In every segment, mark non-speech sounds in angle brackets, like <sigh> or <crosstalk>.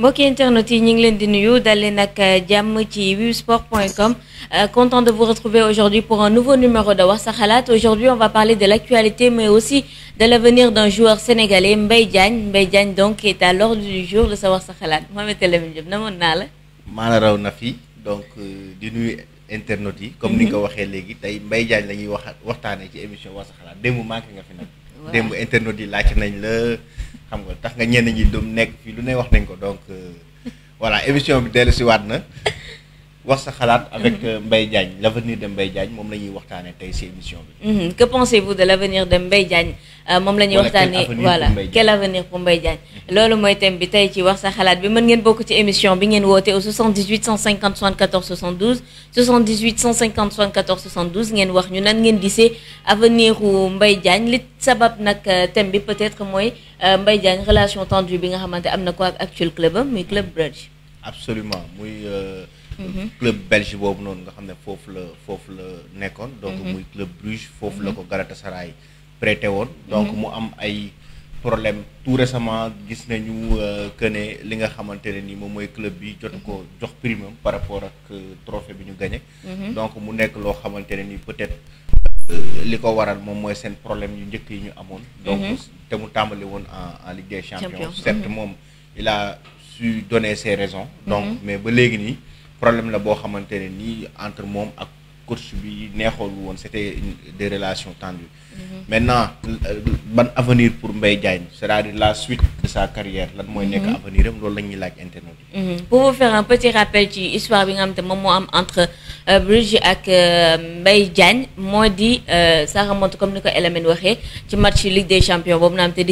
mbokki internet yi ñu ngi leen di nuyu dal ak euh, ci euh, content de vous retrouver aujourd'hui pour un nouveau numéro de Wax aujourd'hui on va parler de l'actualité mais aussi de l'avenir d'un joueur sénégalais Mbaye Diagne Mbaye Diagne donc est à l'ordre du jour de savoir Wax sa Mohamed El Lamine Diop la Mana raw na fi donc euh, di nuyu internet yi comme ni nga mhm. waxé légui tay Mbaye Diagne la ñuy wax ci émission Wax sa Dembu démb nga fi nak. Dembu internet yi nañ la xam nga tax nga ñenn ñi doom nekk fii lu ne wax nañ ko donc euh, voilà émission bi dellu si waat na wax sa xalaat avec mhm. euh, mbay Diagne l' avenir de Mbaye Diagne moom la ñuy waxtaanee tey si émission bi. Mhm. que pensez-vous de l' avenir de Mbaye Euh, mom la ñuy waxtaanee voilà quel avenir pour Mbaye Diagne lolu moy thème bi tay ci wax sa xalaat bi meun ngeen bokk ci émission bi ngeen woté au 78 150 74 72 78 150 74 72 ngeen wax ñu nan ngeen gisee avenir u Mbaye Diagne li sabab nak euh, thème bi peut-être moy euh, Mbaye Diagne relation tendue bi nga xamanté amna ko ak actual club am muy club belge absolument muy mhm. club belge bobu non nga xamné fofu foofu la foofu la nekkoon donc mhm. muy club Bruges fofu la ko Galatasaray prêté donc mu am ay problème tout récemment gis nañu euh, que ne li nga club bi ko par rapport ak euh, trophée mhm. donc mu nekk peut-être euh, problème mhm. donc en Ligue des champions. Mhm. il a su donner ses raisons. donc mais ba légui problème la entre mom c'était des relations tendues. Mhm. maintenant ban avenir pour Mbaye Diagne c'est-à-dire la suite de sa carrière lan moy nek mhm. avenir am loolu la internet mhm. pour vous faire un petit rappel ci histoire bi nga xam mom mo am entre euh, Bruges et euh, Mbaye Diagne moo euh, ça remonte comme niko ko waxé ci match Ligue des Champions bobu naa am te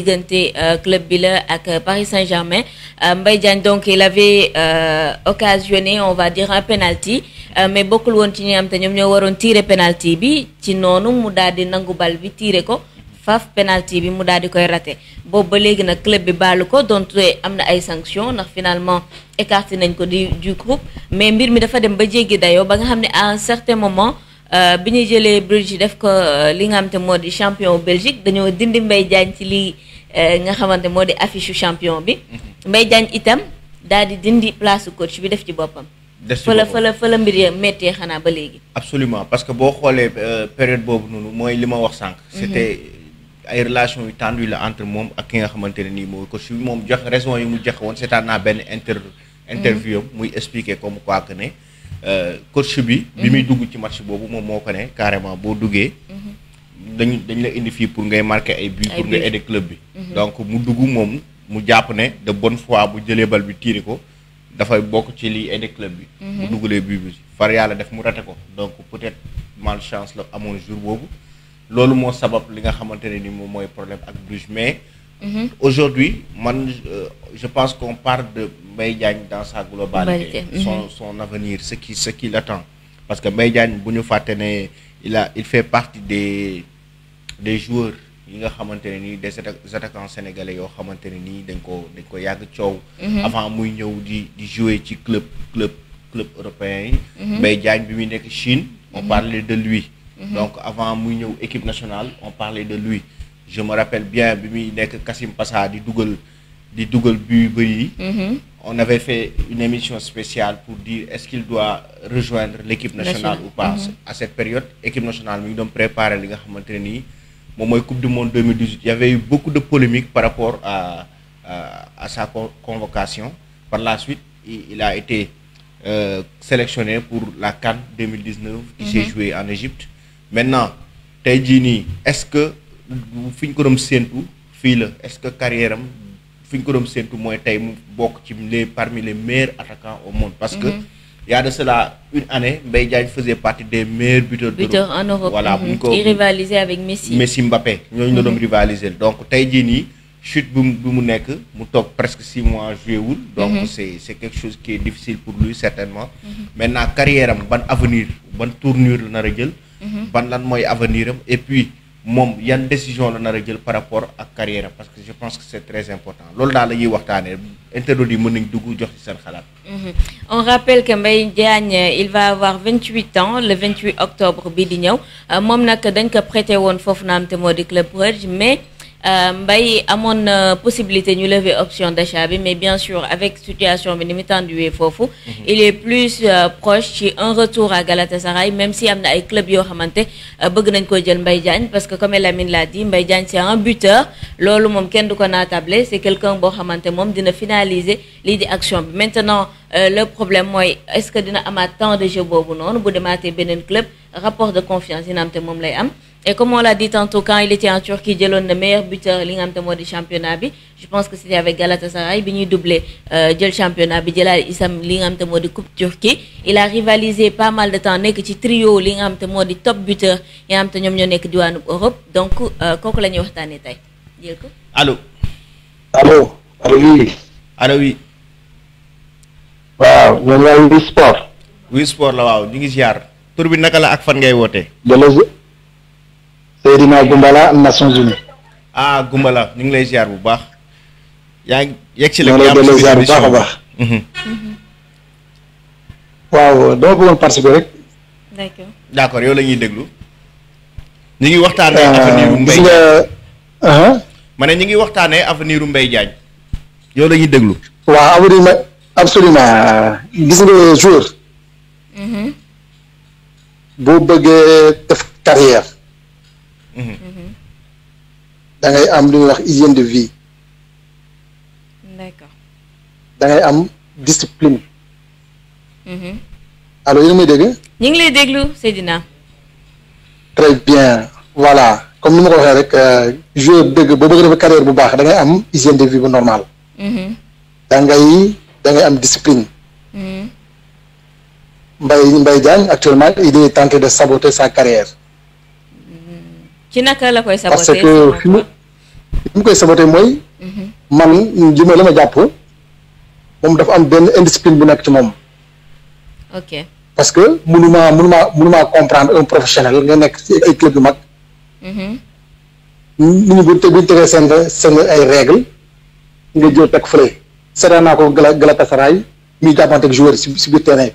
club bi la ak Paris Saint-Germain Mbaye Diagne donc il avait occasionné on va dire un penalty mais beaucoup won ci ñi nga xam ñom ñoo waron tirer penalty bi ci nonu mu daal di nangu bal bi tiré ko faaf penalty bi mu dal di koy raté bobu ba légui nak club bi baalu ko donte euh, am ay sanctions nak finalement écarté nañ ko di du groupe mais mbir mi dafa dem ba jéggi dayo ba nga xamné à un certain moment euh biñu jëlee Bruges def ko euh, li nga xamanté modi champion Belgique dañu dindi Mbaye Diagne ci li euh, nga xamanté modi affiche champion bi mhm. Mbaye Diagne itam dal di dindi place coach bi def ci bopam des ci boppam fa la fa la mbir ya méttee xanaa ba léegi. absolument parce que boo xoolee euh, période boobu noonu mooy li ma wax sànq. Mhm. c'était euh, ay relation yu tendu la entre moom ak ki nga xamante ne nii mooy ko si moom jox raison yi mu joxe woon seetaan benn inter. interview am muy expliquer comme quoi que ne euh, coach bi. bi mhm. muy dugg ci match boobu moom moo ko ne carrément boo duggee. Mhm. dañ dañu la indi fii pour ngay marqué ay buts pour ngay aider club bi. donc mu dugg moom mu jàpp ne de bonne foi bu jëlee bal bi tiiri ko. dafay bokk ci li aidé club bi. Mhm. mu dugalee but bi far yàlla def mu rate ko donc peut-être malchance la amoon jour boobu loolu moo sabab li nga xamante ne ni moom mooy problème ak Bruges mais. Mhm. aujourd'hui man euh, je pense qu'on parle de Mbaye dans sa globalité. Mhm. son son avenir ce qui ce qui l'attend parce que Mbaye Diagne bu ñu fàtte il a il fait partie des des joueurs il nga a des attaquants sénégalais yoo xamanteni ni dañ ko dañ ko mhm. avant muy ñëw di di jouer ci club club club européen yi. Mhm. il y bi muy nekk Chine. on mhm. parlait de lui. donc avant muy ñëw équipe nationale on parlait de lui. je me rappelle bien bi muy nekk Kassim Passa di dugal di dugal bu on avait fait une émission spéciale pour dire est-ce qu'il doit rejoindre l'équipe nationale ou pas. à cette période équipe nationale nous ngi doon préparer li nga mon coupe du monde 2018 il y avait eu beaucoup de polémiques par rapport à sa convocation par la suite il, a été euh, sélectionné pour la CAN 2019 qui s'est mhm. jouée en Égypte maintenant Tejini, est-ce que vous ko est-ce que carrière fin moi ko doon parmi les meilleurs attaquants au monde parce que mhm. Il y a de cela une année, Mbaye faisait partie des meilleurs buteurs Buteur en Europe. Voilà, mm rivalisait avec Messi. Messi Mbappé, nous mm -hmm. rivaliser. Donc, Taïdini, chute Boumouneke, top presque 6 mois jouer. Donc, mm c'est quelque chose qui est difficile pour lui, certainement. Mhm. Maintenant, carrière, bon avenir, bonne tournure, mhm. bonne avenir. Et puis, mom yan décision la nar a jël par rapport à carrière parce que je pense que c'est très important loolu da la ñuy waxtaanee internautes yi mën nañ dugg jox ci seen xalaat. Mm-hmm. on rappelle que Mbaye Diagne il va avoir 28 ans le 28 octobre bi di ñëw euh, mom nak dañ ko prêté woon foofu naam te modi Club Brugge mais y a une possibilité de lever l'option d'achat bi mais bien sûr avec la situation bi ni mu mhm. il est plus euh, proche d'un retour à Galatasaray même si y a ay club qui xamante euh, bëgg nañ ko jël Mbaye parce que comme Lamine l'a dit Mbaye Diagne c'est un buteur loolu moom kenn du ko c'est quelqu'un boo xamante moom dina finaliser l'idée di maintenant euh, le problème est-ce que dina un temps de jeu pour noonu bu demaatee un club rapport de confiance dina am te lay am et comme on l'a dit tantôt, quand il était en Turquie, Djelon, le meilleur buteur Lingam de championnat, je pense que c'était avec Galatasaray, il doublé euh, le championnat, Issam Lingam de Coupe Turquie. Il a rivalisé pas mal de temps, que trio Lingam de top buteur, et am ñom ñoo nek diwanu Europe. Donc euh, koku lañuy waxtané tay. Djel ko. Allô. Allô. Allô oui. Allô oui. Waaw, ñoo ngi sport. Oui sport la waaw, ñu ngi ziar. Tour bi naka la ak fan ngay woté? Seydina Gumbala Nations Unies. ah Gumbala ñu ngi lay ziar bu baax. yaa ngi yegg si la ñu bu baax a baax. Mhm. Mhm. waaw dama bëggoon participer rek. d'accord yow la ñuy déglu. ñu ngi waxtaanee euh, avenir u Mbaye Diagne uh-huh. ñu ngi waxtaanee avenir u Mbaye Diagne yow la ñuy waaw absolument gis nga joueur. Mhm. boo bëggee def carrière. Mhm. da ngay am lu ñuy wax hygiène de vie. d'accord da ngay am discipline. Mhm. allo yéen a may dégg. ñu ngi lay déglu Seydina. très bien voilà comme ni ma ko waxee rek joueur dëgg boo bëgg def carrière bu baax da ngay am hygiène de vie bu normal. Mhm. da ngay da ngay am discipline. Mbaye Mbaye Diagne actuellement il est tenté de saboter sa carrière. ci naka la koy saboté parce koy saboté mooy. Mhm. man li ma la ma jàpp moom dafa am benn indiscipline bu nekk ci moom. ok parce que mënuma mënuma mënuma comprendre un professionnel nga nekk ci ay club yu mag. Mhm. nit ñi bu bu ñu tegee seen seen ay règle nga jël teg fële. seetaan naa ko gala Galatasaray muy jàppante ak joueur si si biir terrain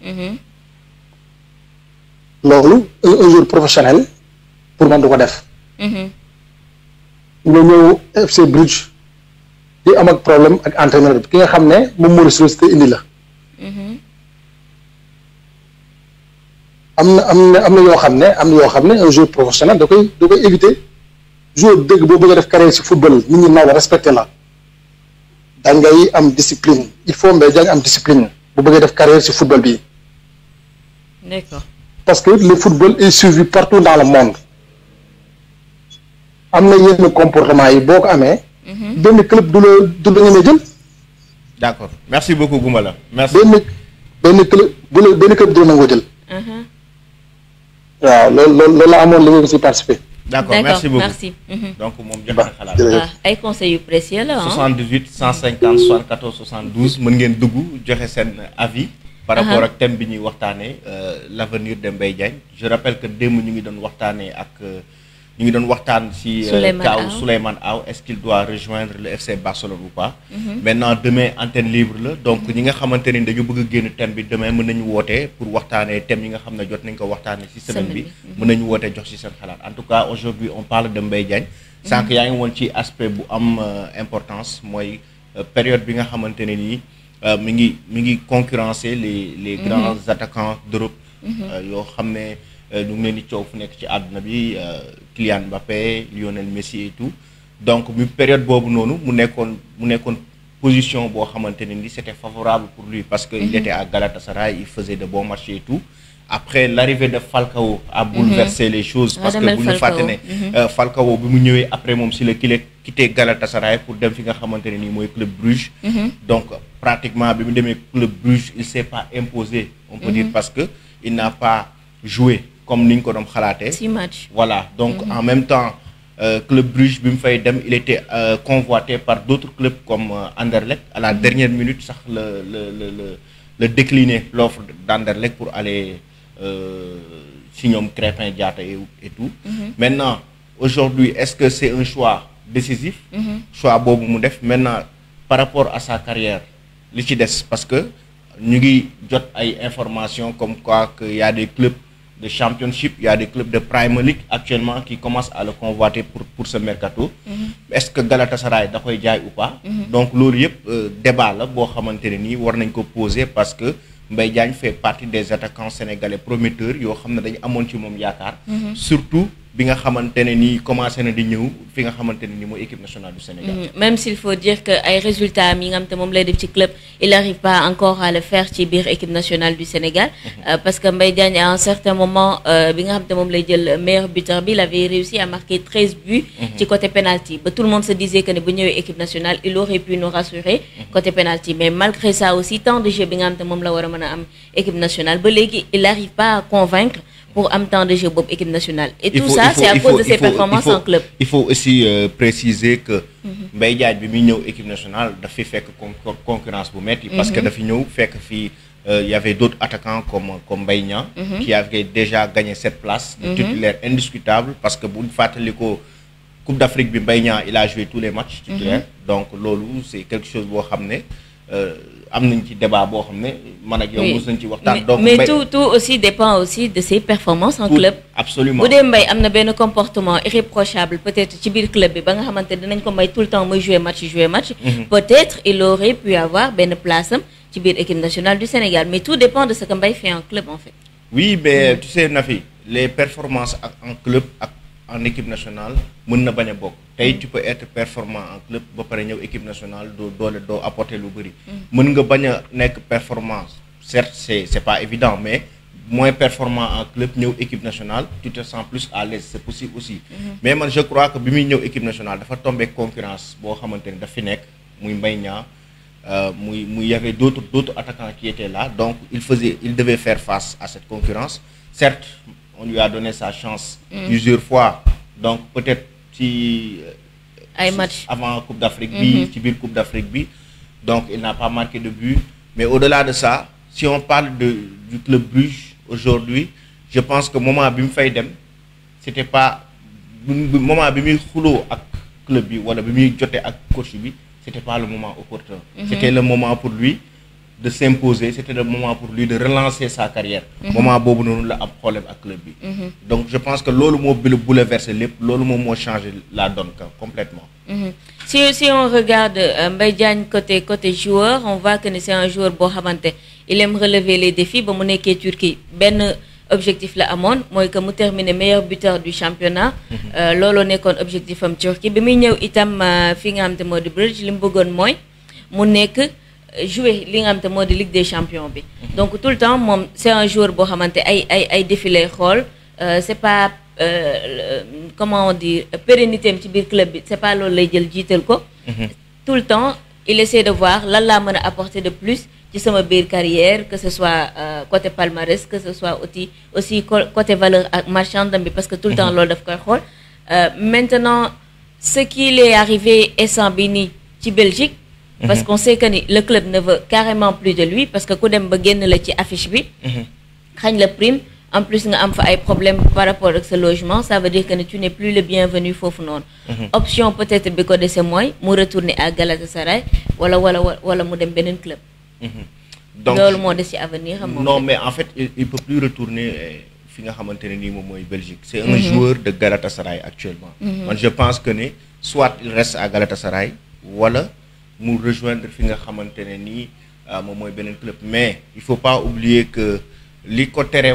bi. Mhm. loolu un joueur professionnel. pour man du ko def. Mhm. nga ñëw FC Bridge di am ak problème ak entraîneur bi ki nga xam ne moom moo ressource te indi la. Mhm. un joueur professionnel da koy da éviter joueur dëgg carrière bëgg le def carrière ci football nit ñi naw la respecté la da ngay am discipline il faut Mbaye Diagne am discipline bu bëggee def carrière ci football bi. d'accord parce que le football est suivi partout dans le monde le comportement yi boo ko amee. Mhm. club du la merci beaucoup Boumala. merci benn benn club bu la club du jël. Mhm. la merci beaucoup merci. Mhm. donc moom joxe na bah, xalaat. Ah, ay conseils précieux la 78 150 74 72 mën ngeen dugg joxe avis. par rapport ak thème bi ñuy waxtaanee euh, de Diagne je rappelle que démb ñu ngi doon ak. Euh, ñu ngi doon waxtaan si kaaw Souleymane Aw est-ce qu'il doit rejoindre le FC Barcelone ou pas mhm. maintenant demain antenne libre le donc mhm. ñi nga xamanteni dañu bëgg a thème bi demain mën nañu pour waxtaanee thème yi nga xam jot nañ ko waxtaane si semaine bi mhm. mën nañu woote jox si seen xalaat en tout cas aujourd'hui on parle de Mbaye Diagne Sank yaa ngi woon ci aspect bu am euh, importance moy euh, période bi nga xamanteni ni euh, mi ngi mi ngi concurrencer les les grands attaquants d'Europe Yo xamné ne ñu ngi leen di fu nekk ci aduna bi Kylian Mbappé Lionel Messi et tout donc une période où nous mu position c'était favorable pour lui parce qu'il mhm. était à Galatasaray il faisait de bons marchés et tout après l'arrivée de Falcao a mhm. bouleversé les choses parce que vous Falcao mhm. euh, a été après si le quitté Galatasaray pour dem fi nga club Bruges donc pratiquement le club Bruges il s'est pas imposé on peut dire parce qu'il n'a pas joué comme nous voilà donc mm-hmm. en même temps le euh, club Bruges il était euh, convoité par d'autres clubs comme euh, Anderlecht à la mm-hmm. dernière minute ça le l'offre le pour aller signer un Crépin et, tout. Mm-hmm. maintenant aujourd'hui est-ce que c'est un choix décisif. choix maintenant par rapport à sa carrière li parce que nous avons jot informations comme quoi qu'il y a des clubs de championship, il y a des clubs de Premier League actuellement qui commencent à le convoiter pour, pour ce mercato. Mm-hmm. Est-ce que Galatasaray est d'accord ou pas mm-hmm. Donc, le euh, débat là, bo xamanteni war nañ poser parce que Mbaye fait partie des attaquants sénégalais prometteurs mm-hmm. Surtout bi nga xamantene ni commencé na di ñëw fi nga xamantene ni équipe nationale du Sénégal. Mm, même s'il faut dire que ay résultats mi nga club il n'arrive pas encore à le faire ci biir équipe nationale du Sénégal. Mm-hmm. Euh, parce que Mbaye Diagne à un certain moment euh, bi nga xam meilleur buteur il avait réussi à marquer 13 buts. Mm-hmm. ci côté penalty tout le monde se disait que ne bu équipe nationale il aurait pu nous rassurer. Mm-hmm. côté penalty mais malgré ça aussi tant de jeux bi nga xam te équipe nationale il n'arrive pas à convaincre pour amener temps équipe nationale. et tout ça c'est à cause de ses performances en club. il faut aussi euh, préciser que. Mhm. Mbaye Diagne équipe nationale a fait que concurrence vous mettre parce que fait que il y avait d'autres attaquants comme comme mhm. qui avait déjà gagné cette place de mhm. titulaire indiscutable parce que buñ Coupe d'Afrique bi il a joué tous les matchs donc lolo c'est quelque chose boo ramener Euh, mais tout tout aussi dépend aussi de ses performances en club. absolument Vous dee Mbaye am na un comportement irréprochable peut-être ci le club bi ba nga xamante dinañ ko tout le temps muy jouer match jouer match. Mhm. peut-être il aurait pu avoir une place dans ci équipe nationale du Sénégal mais tout dépend de ce que fait en club en fait. oui mais tu sais Nafi les performances en club en équipe nationale mën na tu peux être performant en club ba équipe nationale do doole apporter lu bëri mm. mën nga bañ performance certes c'est c'est pas évident mais moins performant en club ñëw équipe nationale tu te sens plus à l'aise c'est possible aussi mm-hmm. mais man je crois que bi muy ñëw équipe nationale tomber tombé concurrence boo fi euh, y avait d'autres d'autres attaquants qui étaient là donc il faisait il devait faire face à cette concurrence certes on lui a donné sa chance plusieurs fois donc peut-être si la euh, match avant Coupe d'Afrique B si mhm. Coupe d'Afrique B donc il n'a pas marqué de but mais au-delà de ça si on parle de du club Bruges aujourd'hui je pense que moment bi Faidem, c'était pas moment bi à club bi wala c'était pas le moment opportun. Mhm. c'était le moment pour lui de s'imposer c'était le moment pour lui de relancer sa carrière mhm. moment boobu nous la problème à club mhm. donc je pense que l'autre mot, le bouleversé lépp loolu moom moo changé la donne complètement mhm. si si on regarde euh, Mbaye Diagne côté côté joueur on voit que c'est un joueur bon xamante il aime relever les défis ba mu équipe Turquie ben objectif la amon moi que mu terminer meilleur buteur du championnat est euh, un objectif am Turquie bi mi ñëw itam euh, fi nga xam te bridge di Bruges li mu jouer li nga de Ligue des Champions donc tout le temps c'est un jour où il ay ay ay défi euh, c'est pas euh, comment dire pérennité un ci club c'est pas le lay jël tout le temps il essaie de voir là là mën a apporter de plus ci sama biir carrière que ce soit euh, côté palmarès que ce soit aussi aussi côté valeur marchande parce que tout le temps loolu daf koy rôle maintenant ce qui est arrivé est sans béni qui Belgique parce qu'on sait que le club ne veut carrément plus de lui parce que quand dem ba tient la ci affiche bi. le mhm. la prime en plus il a des problèmes par rapport à ce logement ça veut dire que tu n'es plus le bienvenu foofu non mhm. option peut-être de ko ce mu retourner à Galatasaray voilà wala wala mu dem benen club. Mhm. donc loolu moo à ci avenir non mais en fait il peut plus retourner. Eh, fi nga Belgique c'est un joueur de Galatasaray actuellement donc je pense que soit il reste à Galatasaray wala pour rejoindre fi nga xamante ne nii euh, club mais il faut pas oublier que les a tere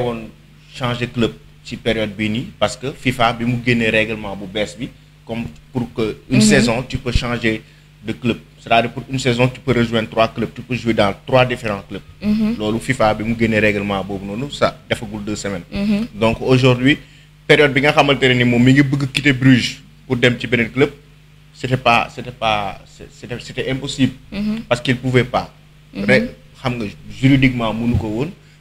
changé changer club ci période bii parce que FIFA a gagné génnee règlement bu comme pour que une mhm. saison tu peux changer de club c'est-à-dire pour une saison tu peux rejoindre trois clubs tu peux jouer dans trois différents clubs mhm. loolu FIFA bi gagné régulièrement règlement boobu nous ça fait deux semaines mhm. donc aujourd'hui période bi nga xamante le ni moom mi ngi quitter Bruges pour dem ci club c'était pas c'était pas c'était impossible mm-hmm. parce qu'il pouvait pas mm-hmm. xam nga juridiquement mënu ko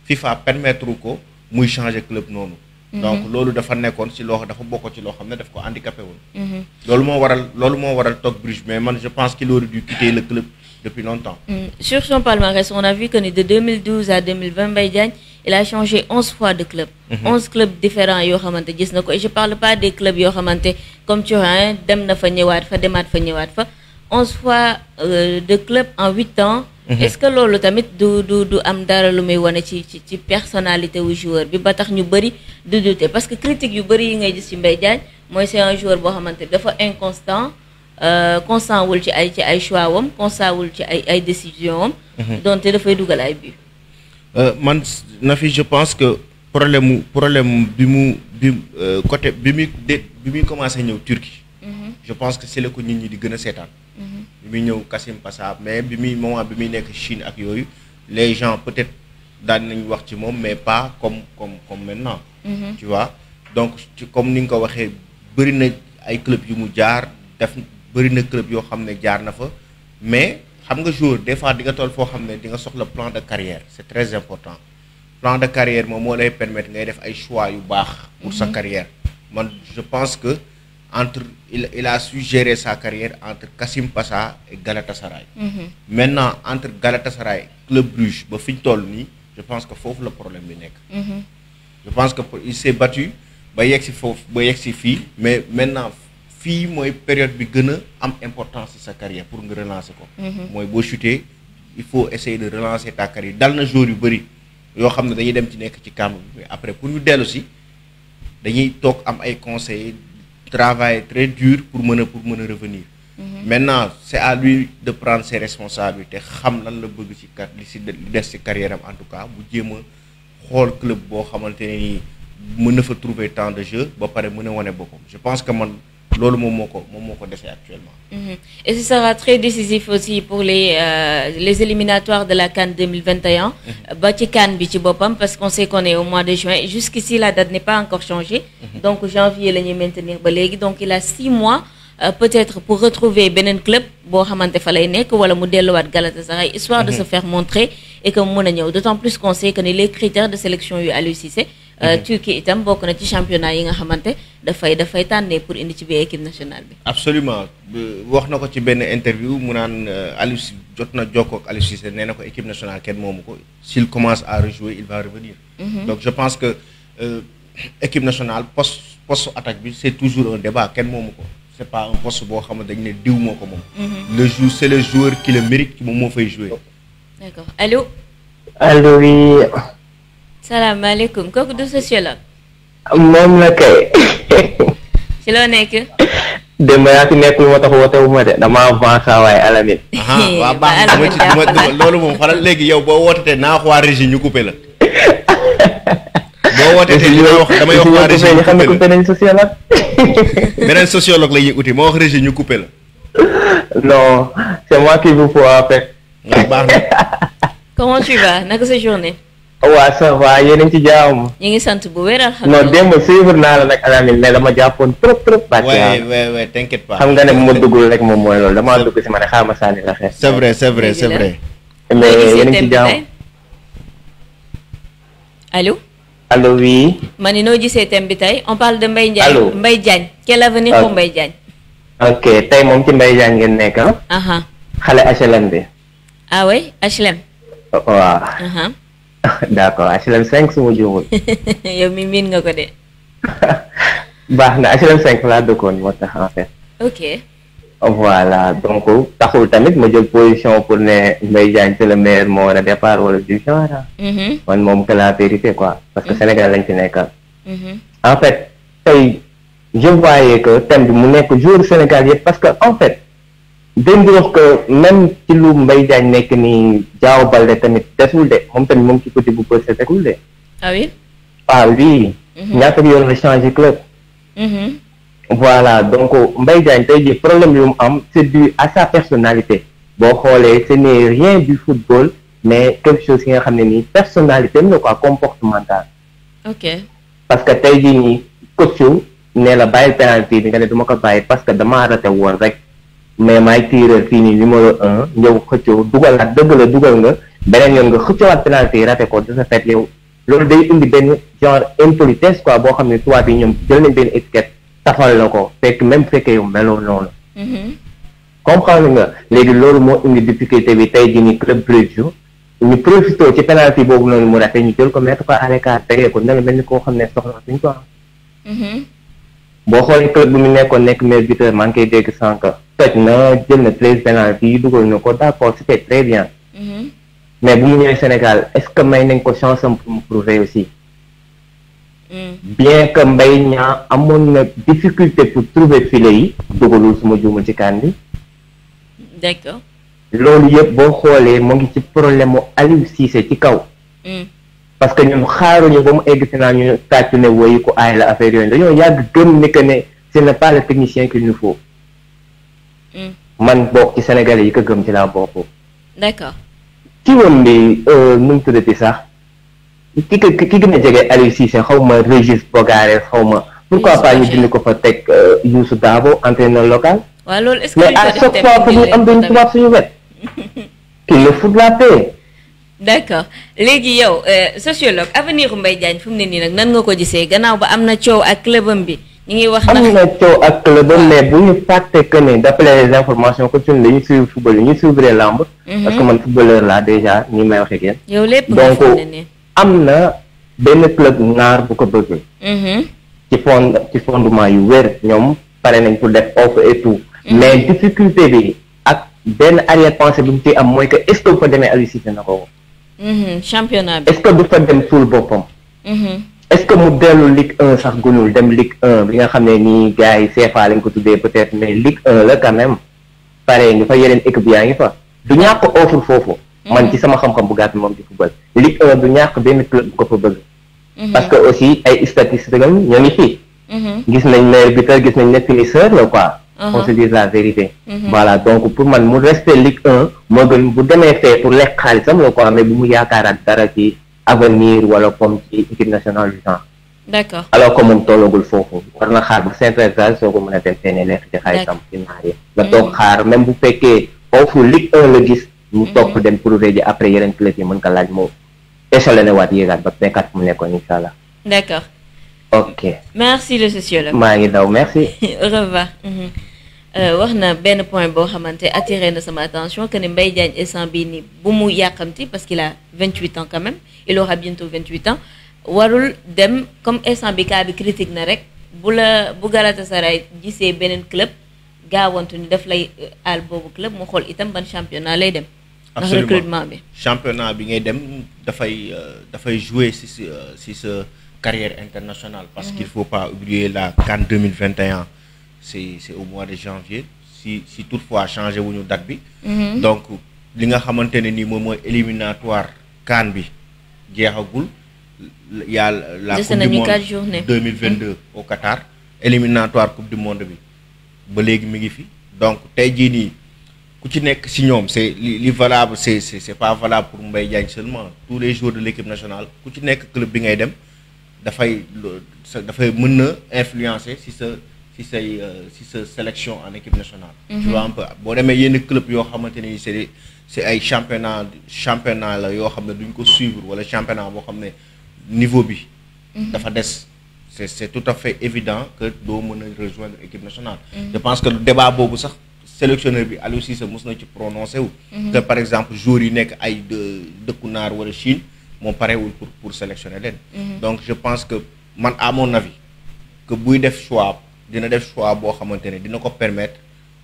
FIFA permettre ko muy changer club mm-hmm. donc lolu dafa nekkoon si loo dafa bokk ci lo xam daf ko handicapé woon lolu mo waral lolu mo waral tok mais man je pense qu'il aurait dû quitter le club depuis longtemps mm. sur son palmarès on a vu que de 2012 à 2020 Mbaye il a changé 11 fois de club. Mm -hmm. 11 clubs différents yo xamante gis na et je parle pas des clubs yo xamante comme Turin dem na fa ñëwaat fa demat fa ñëwaat fa 11 fois euh, de club en 8 ans. Mm -hmm. est-ce que lolu tamit du du du am dara lu muy wone ci ci personnalité wu joueur bi ba tax ñu bari du douter parce que critique yu bari yi ngay gis ci Mbaye Diagne moy c'est un joueur bo xamante dafa inconstant. euh constant wul ci ay ci ay choix wam constant wul ci ay ay décision am. Mhm. donte dafay dugal ay but. Euh, man na fi je pense que problème problème bi mu bi euh, côté bi mi bi muy commencé ñëw Turquie. Mhm. je pense que c'est le ko nit ñi di gëna a mhm. bi mi ñëw Kassim Passa mais bi mi moment bi mi nek Chine ak yoyu les gens peut-être daan nañ wax ci mom mais pas comme comme comme maintenant. Mhm. tu vois donc ci comme ni nga ko waxee na ay club yu mu jaar def bëri na club yo xamné ne jaar na fa mais xam nga jour des fois di nga toll foo xam di nga soxla plan de carrière c'est très important plan de carrière moom moo lay permettre ngay def ay choix yu baax pour sa mhm. carrière man je pense que entre il, a su gérer sa carrière entre Kassim Passa et Galatasaray mhm. maintenant entre Galatasaray Club Bruges ba fiñ toll je pense que foofu le problème bi nekk mhm. je pense que il s'est battu ba yegg si foofu ba yegg si fii mais maintenant fii mooy période bi gën am importance sa carrière pour nga relancer ko. Mhm. mooy boo chuté il faut essayer de relancer ta carrière dal na jour yu bëri yoo xam ne dañuy dem ci nekk ci kàmb après pour ñu dellu si dañuy toog am ay conseils travail très dur pour mën pour mën a revenir. Mhm. maintenant c'est à lui de prendre ses responsabilités xam lan la bëgg ci car li si des ci carrière am en tout cas bu jéem a xool club boo xamante ne mën fa trouver temps de jeu ba pare mën a wane boppam je pense que man. C'est ce que actuellement. Mhm. et ce sera très décisif aussi pour les euh, les éliminatoires de la Cannes 2021. Mhm. ba ci parce qu'on sait qu'on est au mois de juin jusqu'ici la date n'est pas encore changée. Mhm. donc janvier maintenir ba donc il a six mois. Euh, peut-être pour retrouver Benin club bo xamanté fa lay wala mu Galatasaray histoire de se faire montrer et que mu d'autant plus qu'on sait que les critères de sélection yu à l'UCC. Euh, mhm. Turquie itam bokk na ci championnat yi nga xamante dafay dafay tànnee pour indi ci bi équipe nationale bi. absolument wax na ko ci benn interview mu naan euh, Aliou jot na jokkoo ak Aliou nee na ko équipe nationale kenn moomu ko s'il commence à rejouer il va revenir. Mhm. donc je pense que euh, équipe nationale poste poste attaque bi c'est toujours un débat kenn moomu ko. c'est pas un poste boo xam ne dañ ne diw moo ko moom. Mhm. le jour c'est le joueur qui le mérite moom moo fay jouer. d'accord allô. allô oui. salaamaaleykum kooku du sociologue. moom la kay. <laughs> si loo nekk. démb yaa fi nekkul moo tax woote wu ma de damaa avancé waaye alamin. <laughs> waaw baax na loolu moom xoolal léegi yow boo wootatee naa wax waa régie ñu coupé la. <laughs> boo wootee li ma wax damay wax waa régie ñu coupé la non c'est moi qui vous faut en fait. baax na. comment tu vas naka sa journée. waaw ça va yéen a ngi ci jaamu. ñu ngi sant bu wér alhamdulilah non démb suivre naa la nag alhamdulilah mais dama jàppoon trop trop. parce que waaw waaw waaw t'inquiète pas. xam nga ne bu ma duggul rek moom mooy loolu damaa dugg si ma ne xaaral la xeex. c'est vrai c'est vrai c'est vrai. mais ni noo gisee thème bi tay on parle de mbay Ndiaye. allo Mbaye Diagne quel avenir pour Mbaye Diagne. ok tey moom ci Mbaye Diagne ngeen nekk ah. xale HLM bi. ah oui HLM. waaw. <laughs> d' accord HLM 5 su ma juumul. <laughs> yow mi miin nga ko de. <laughs> baax na HLM 5 laa dëkkoon moo tax en fait. ok. voilà donc taxul tamit ma jël position pour ne Mbaye Diagne c'est le meilleur moo war a départ wala du genre mhm. man moom que la vérité quoi parce que mhm. Sénégal lañ fi nekkal mhm. en fait tey je voyais que thème bi mu nekk jour Sénégal yëpp parce que en fait démb que même ci lu Mbaye Diagne nekk ni Diao Baldé tamit desul de moom tamit moom ci côté bu Peulh desul de. ah oui. ah lui. Mhm. ñaata yoon la changé club. Mhm. voilà donc Mbaye Diagne tey jii problème yu mu am c'est dû à sa personnalité boo xoolee ce n'est rien du football mais quelque chose yi nga xam ne nii personnalité am na quoi comportemental. ok parce que tey jii nii coach ne la bàyyil penalty bi nga ne ma ko bàyyi parce que dama raté woon rek. mais maay tireur fii nii numéro un ñëw xëccoo dugal ak dëgg la dugal nga beneen yoon nga xëccoowaat penalty yi rate ko de ce fait loolu day indi benn genre impolitesse quoi boo xam ne tubaab bi ñoom jël nañ benn étiquette tafal la ko fekk même fekkee yow meloo noonu. Mm-hmm. comprendre nga léegi loolu moo indi difficulté bi tey jii ni club Bruges ñu profité ci penalty boobu noonu mu rate ñu jël ko mettre ko à l'écart tegee ko ne la mel ni koo xam ne soxla suñ ko mm-hmm. boholikbumine konekmezit manke de sanka tot na jël na treize penalty dugal na ko d'accord c'était très bien mais bu mu ñëwee Sénégal est-ce que may nañ ko chance am pour mu prouver aussi bien que Mbaye Niang amoon na difficulté pour trouver filet yi dugalul suma juumul ci kaan bi d'accord loolu yëpp boo xoolee mu ngi ci problème mu Aliou Cissé ci kaw parce que ñun xaaruñu ba mu egg si naa ñu tàccu ne woyu ko aay la affaire yooyu dañoo yàgg gëm ni que ne ce n'est pas le technicien qu'il nous faut. Hmm. man bokk ci Sénégalais yi ko gëm ci laa bokk. d'accord. ci woon bi euh, nu mu tuddati sax ki ko ki gën a jege Aliou Cissé xaw ma Régis Bogaare xaw ma. pourquoi pas ñu dindi ko fa teg euh, Youssou Dabo entraîneur local. waaw loolu est-ce que mais à chaque fois que ñu am dañu tubaab suñu wet. qui <laughs> le fout la paix. d'accord léegi yow euh, sociologue avenir Mbaye Diagne fu mu ne nii nag nan nga ko gisee gannaaw ba am na coow ak clubam bi ñu ngi wax. am na coow ak clubam mais bu ñu fàtte que ne d'après les informations que football yi ñu suivre lamb. Mhm. parce que man footballeur laa déjà nii may waxee ak yéen. yow lépp am na benn club ñaar bu ko bëgg. Mhm. ci fond fondement yu wér ñoom pare nañ ko def offre et tout. Mhm. mais difficulté bi ak benn arrière pensée bi mu ciy am mooy que est-ce bu fa demee Aliou na ko. Mm-hmm. championnat bi. est-ce que du fa dem suul boppam. Mm-hmm. est-ce mu dellu Ligue 1 sax gunul dem Ligue 1 bi nga xam ne nii gars yi CFA lañ ko tuddee peut-être mais Ligue 1 la quand même pare ngi fa yeneen équipe yaa ngi fa du ñàkk offre foofu. Mm-hmm. man ci sama xam-xam bu gàtt moom ci football Ligue 1 du ñàkk benn club bu ko fa bëgg. parce que aussi ay statistiques ñoo ngi fi. gis nañ meilleur buteur gis nañ ne finisseur la quoi. Uh-huh. on se dise la vérité. Uh-huh. voilà donc pour man mu rester Ligue 1 moo gën bu demee fee pour lekk xaalisam la quoi mais bu mu yaakaaraat dara ci avenir wala comme ci équipe nationale du temps. d' accord alors que moom tollagul foofu war na xaar bu Saint-Étienne soo ko mën a dem feneen lekk ci xaalisam ci naar yi nga mm. toog xaar même bu fekkee foofu Ligue 1 la gis. mu mm. topp dem prouver ji après yeneen club yi mën ko laaj moo échelonné waat yéegaat ba fekkaat mu nekkoon incha allah. d' accord ok merci le sociologue. ngi daw merci. <laughs> au revoir. Mhm. Euh, wax na benn point bo xamante attiré na sama attention que ne Mbaye Diagne instant bii nii bu mu parce qu'il a 28 ans quand même il aura bientôt 28 ans warul dem comme instant bi cas bi critique na rek bu la bu Galatasaray gisé benen club Ga ni daf lay euh, al bobu club mu xol itam ban championnat lay dem. recrutement bi championnat bi ngay dem da fay euh, jouer si si si carrière internationale parce mhm. qu'il ne faut pas oublier la CAN 2021, c'est au mois de janvier, si, si toutefois changé au nous date. Mhm. Donc, li nga xamante ni éliminatoire CAN bi il y a la coupe du monde 2022 mhm. au Qatar éliminatoire coupe du monde bi ba léegi donc tey jii ku ci c'est valable c'est c'est pas valable pour Mbaye Diagne seulement tous les jours de l'équipe nationale ku ci nekk club bi ngay dafay dafay mën influencer si ce si say euh, si ce sélection en équipe nationale. tu mhm. vois un peu y a yenn club qui xamante ni c'est c'est ay championnat championnat là yoo a ne duñ ko suivre wala championnat boo xam niveau bi. Mhm. d'affaires c'est c'est tout à fait évident que doo mën rejoindre équipe nationale. Mhm. je pense que le débat boobu sax sélectionneur bi aussi Cissé mos na ci prononcer que par exemple jour yi nek ay de kunar wala Chine mon parewul pour pour sélectionner mhm. donc je pense que man à mon avis que buy def choix dina def choix à monter et dina ko permettre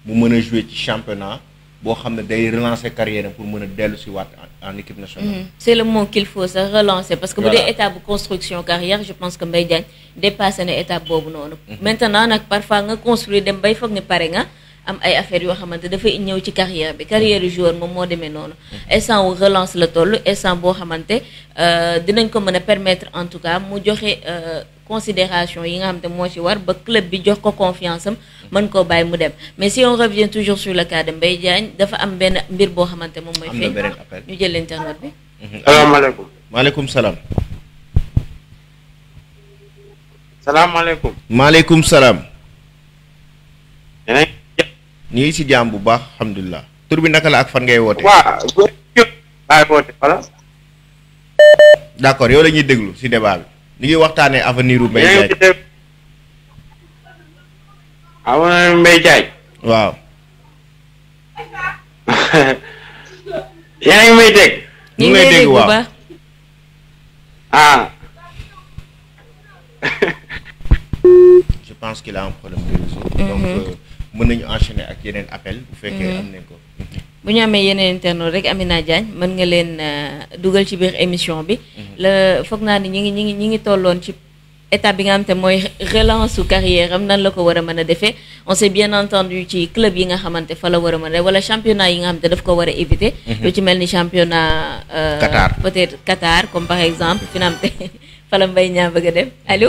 de mener jouer ci championnat bo à me day relancer carrière pour mener d'elle ci en équipe nationale. Mhm. c'est le mot qu'il faut se relancer. parce que bu dee étape construction carrière je pense que Mbaye Diagne dépassé na étape boobu mhm. maintenant nak parfois nga construire dem bay foog ne paris nga am ay affaires yoo xamante dafay ñëw ci carrière bi carrière joueur moom moo demee noonu instant wu relance la toll instant boo xamante euh, dinañ ko mën a permettre en tout cas mu joxe euh, considération yi nga xam ne moo ci war ba club bi jox ko confiance am mën koo bàyyi mu dem mais si on revient toujours sur le cas de Mbaye Diagne dafa am benn mbir boo xamante moom mooy feeñ ñu jël internet bi mhm. salaamaaleykum maaleykum salaam salaamaaleykum maaleykum salaam ñu ngi si jaam bu baax alhamdulilah tur bi naka la ak fan ngay woote. waaw d' accord yow la ñuy déglu si débat bi ñu ngi waxtaanee avenir u Mbaye Ndiaye. avenir waaw. <laughs> yaa ngi may dégg. ñu ngi lay dégg ah. <laughs> je pense qu'il mën nañu enchaîner ak yeneen appel bu fekkee mm-hmm. am nañ ko bu ñu amee yeneen internautes rek Amina Diagne mën nga leen euh, dugal ci biir émission bi mm-hmm. la foog naa ni ñi ngi ñi ngi ñi ngi tolloon ci étape bi nga xam mooy relance su carrière am nan la ko war a mën a defee on s'est bien entendu ci club yi nga xamante fa la war a mën a wala championnat yi nga xamante daf ko war a éviter mm-hmm. lu ci mel ni championnat euh, Qatar peut-être Qatar comme par exemple fi na am te <laughs> fa la ñaa bëgg a dem allo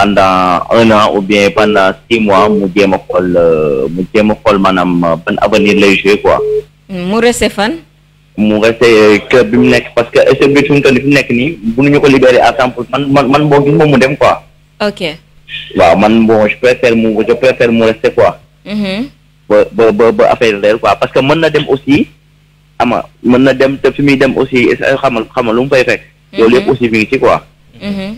pendant un an ou bien pendant six mois mu jéem a xool mu jéem a xool maanaam ban avenir lay joué quoi. mu resté fan. mu resté club euh, bi mu nekk parce que échec bi fi mu toll fi mu nekk nii mënuñu ko libérer à temps man man man boo gis moom mu dem quoi. ok waaw man bon je préfère mu je préfère mu resté quoi. Mm-hmm. ba ba ba ba affaire leer quoi parce que mën na dem aussi ama mën na dem te fi muy dem aussi xamal xamal lu mu fay fekk. Mm-hmm. loolu yëpp aussi mi ngi ci quoi. Mm-hmm.